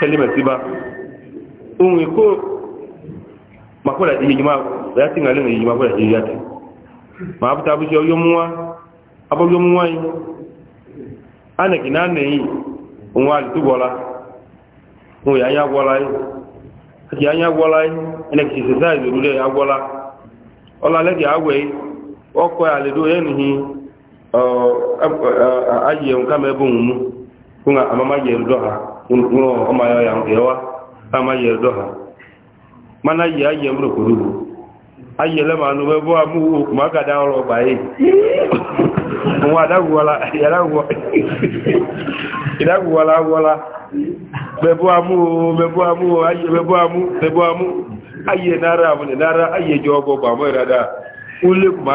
kalimati ba unwe ko makola yijima ya tinga lenga yijima kola yijata ma abuta abuti yomuwa abo yomuwa yi yi unwa alitubola o ya ya gola yi ati ya ya gola yi ene ki exercise rule ya gola ola le di agwe ya le do yenu kunga amama ha nkulo ọmọ ayọ ya nke wa ama yẹ dọ ha mana yẹ ayẹ mú lòkòrò bò ayẹ lẹ́mọ̀ àánú bẹ́ bọ́ amú òkùnmá kàdá ọrọ̀ ọgbà ya òun àdáwùwọ́lá ìdáwùwọ́lá wọ́lá bẹ́bọ́ amú bẹ́bọ́ amú ayẹ bẹ́bọ́ amú amụ amú ayẹ nára àmúnẹ̀ ule ma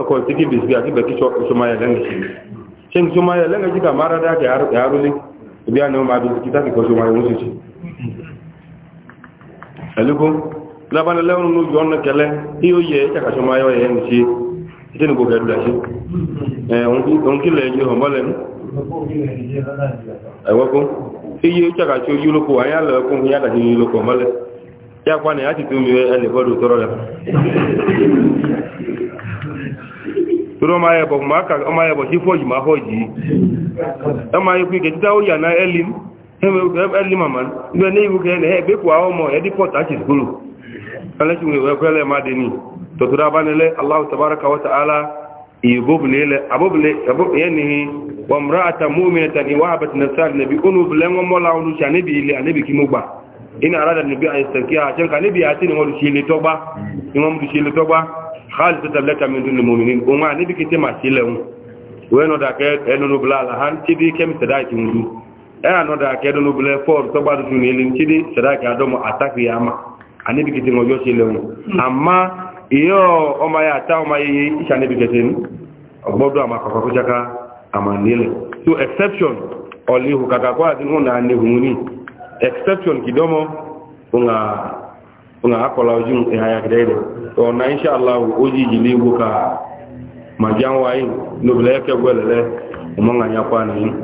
ko tiki bisbi aki baki soma ya lenga shi shin soma ya lenga jika mara da ke yaro ne biya ne ma bisbi taki ko soma ya musu ci aliko labana lewnu nu jonna kele iyo ye ta ka soma ya yenga shi itin ko gadu da shi eh on on kile je ho malen ai wako iye ta ka cho yulo ko aya la ko ya da yulo ko malen ya kwa ne ati tumi ele bodu toro le toro ma yẹ bọ̀ ma ka ọma yẹ bọ̀ sí fọ́ yìí ma fọ́ yìí ẹ ma yẹ kú ike títà ó yà náà ẹlim ẹlim màmá níbẹ̀ ní ìwú kẹ́ ẹ̀ gbé kú àwọn ọmọ ẹ̀dí pọ̀ tàṣì sukúlù ẹlẹ́sìn ìwé ẹ̀kọ́ lẹ́ má dé ní tọ̀tọ̀rọ̀ abánilẹ́ aláwọ̀ tabaraka wa ta'ala ìbóbulẹ̀ yẹni wàmúra àtàmúmi ẹ̀tàn ìwà àbẹ̀tẹ̀ in arada nabi an yastankiha tan ka nabi ati ni wolu shele togba ni won du shele togba khalisatan laka min dunil mu'minin o ma nabi kite ma shele un we no da ke enu no bla la han ti di kem sada ti ndu e no da ke no bla for togba du ni elin ti di sada ka do mo attack ya ma anabi kite mo yo shele un amma iyo o ma ya ta o ma yi isha nabi kite ni ogbodo ama kokoko jaka ama nile so exception olihu kaka kwa adinu na nihuni exception kidomo unga unga akola ujum haya kidogo to na insha Allah uji jilibu ka majan wayi no bila yake gwelele umonga nyakwana yin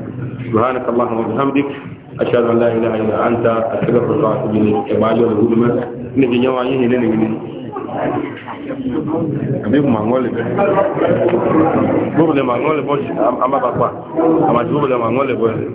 subhanak allahumma wa bihamdik ashhadu an la ilaha illa anta astaghfiruka wa atubu ilayk ibadu wa huduma ni jinyawa yin ne ne ne abi mangole be bubule mangole bo amaba kwa amaji bubule mangole bo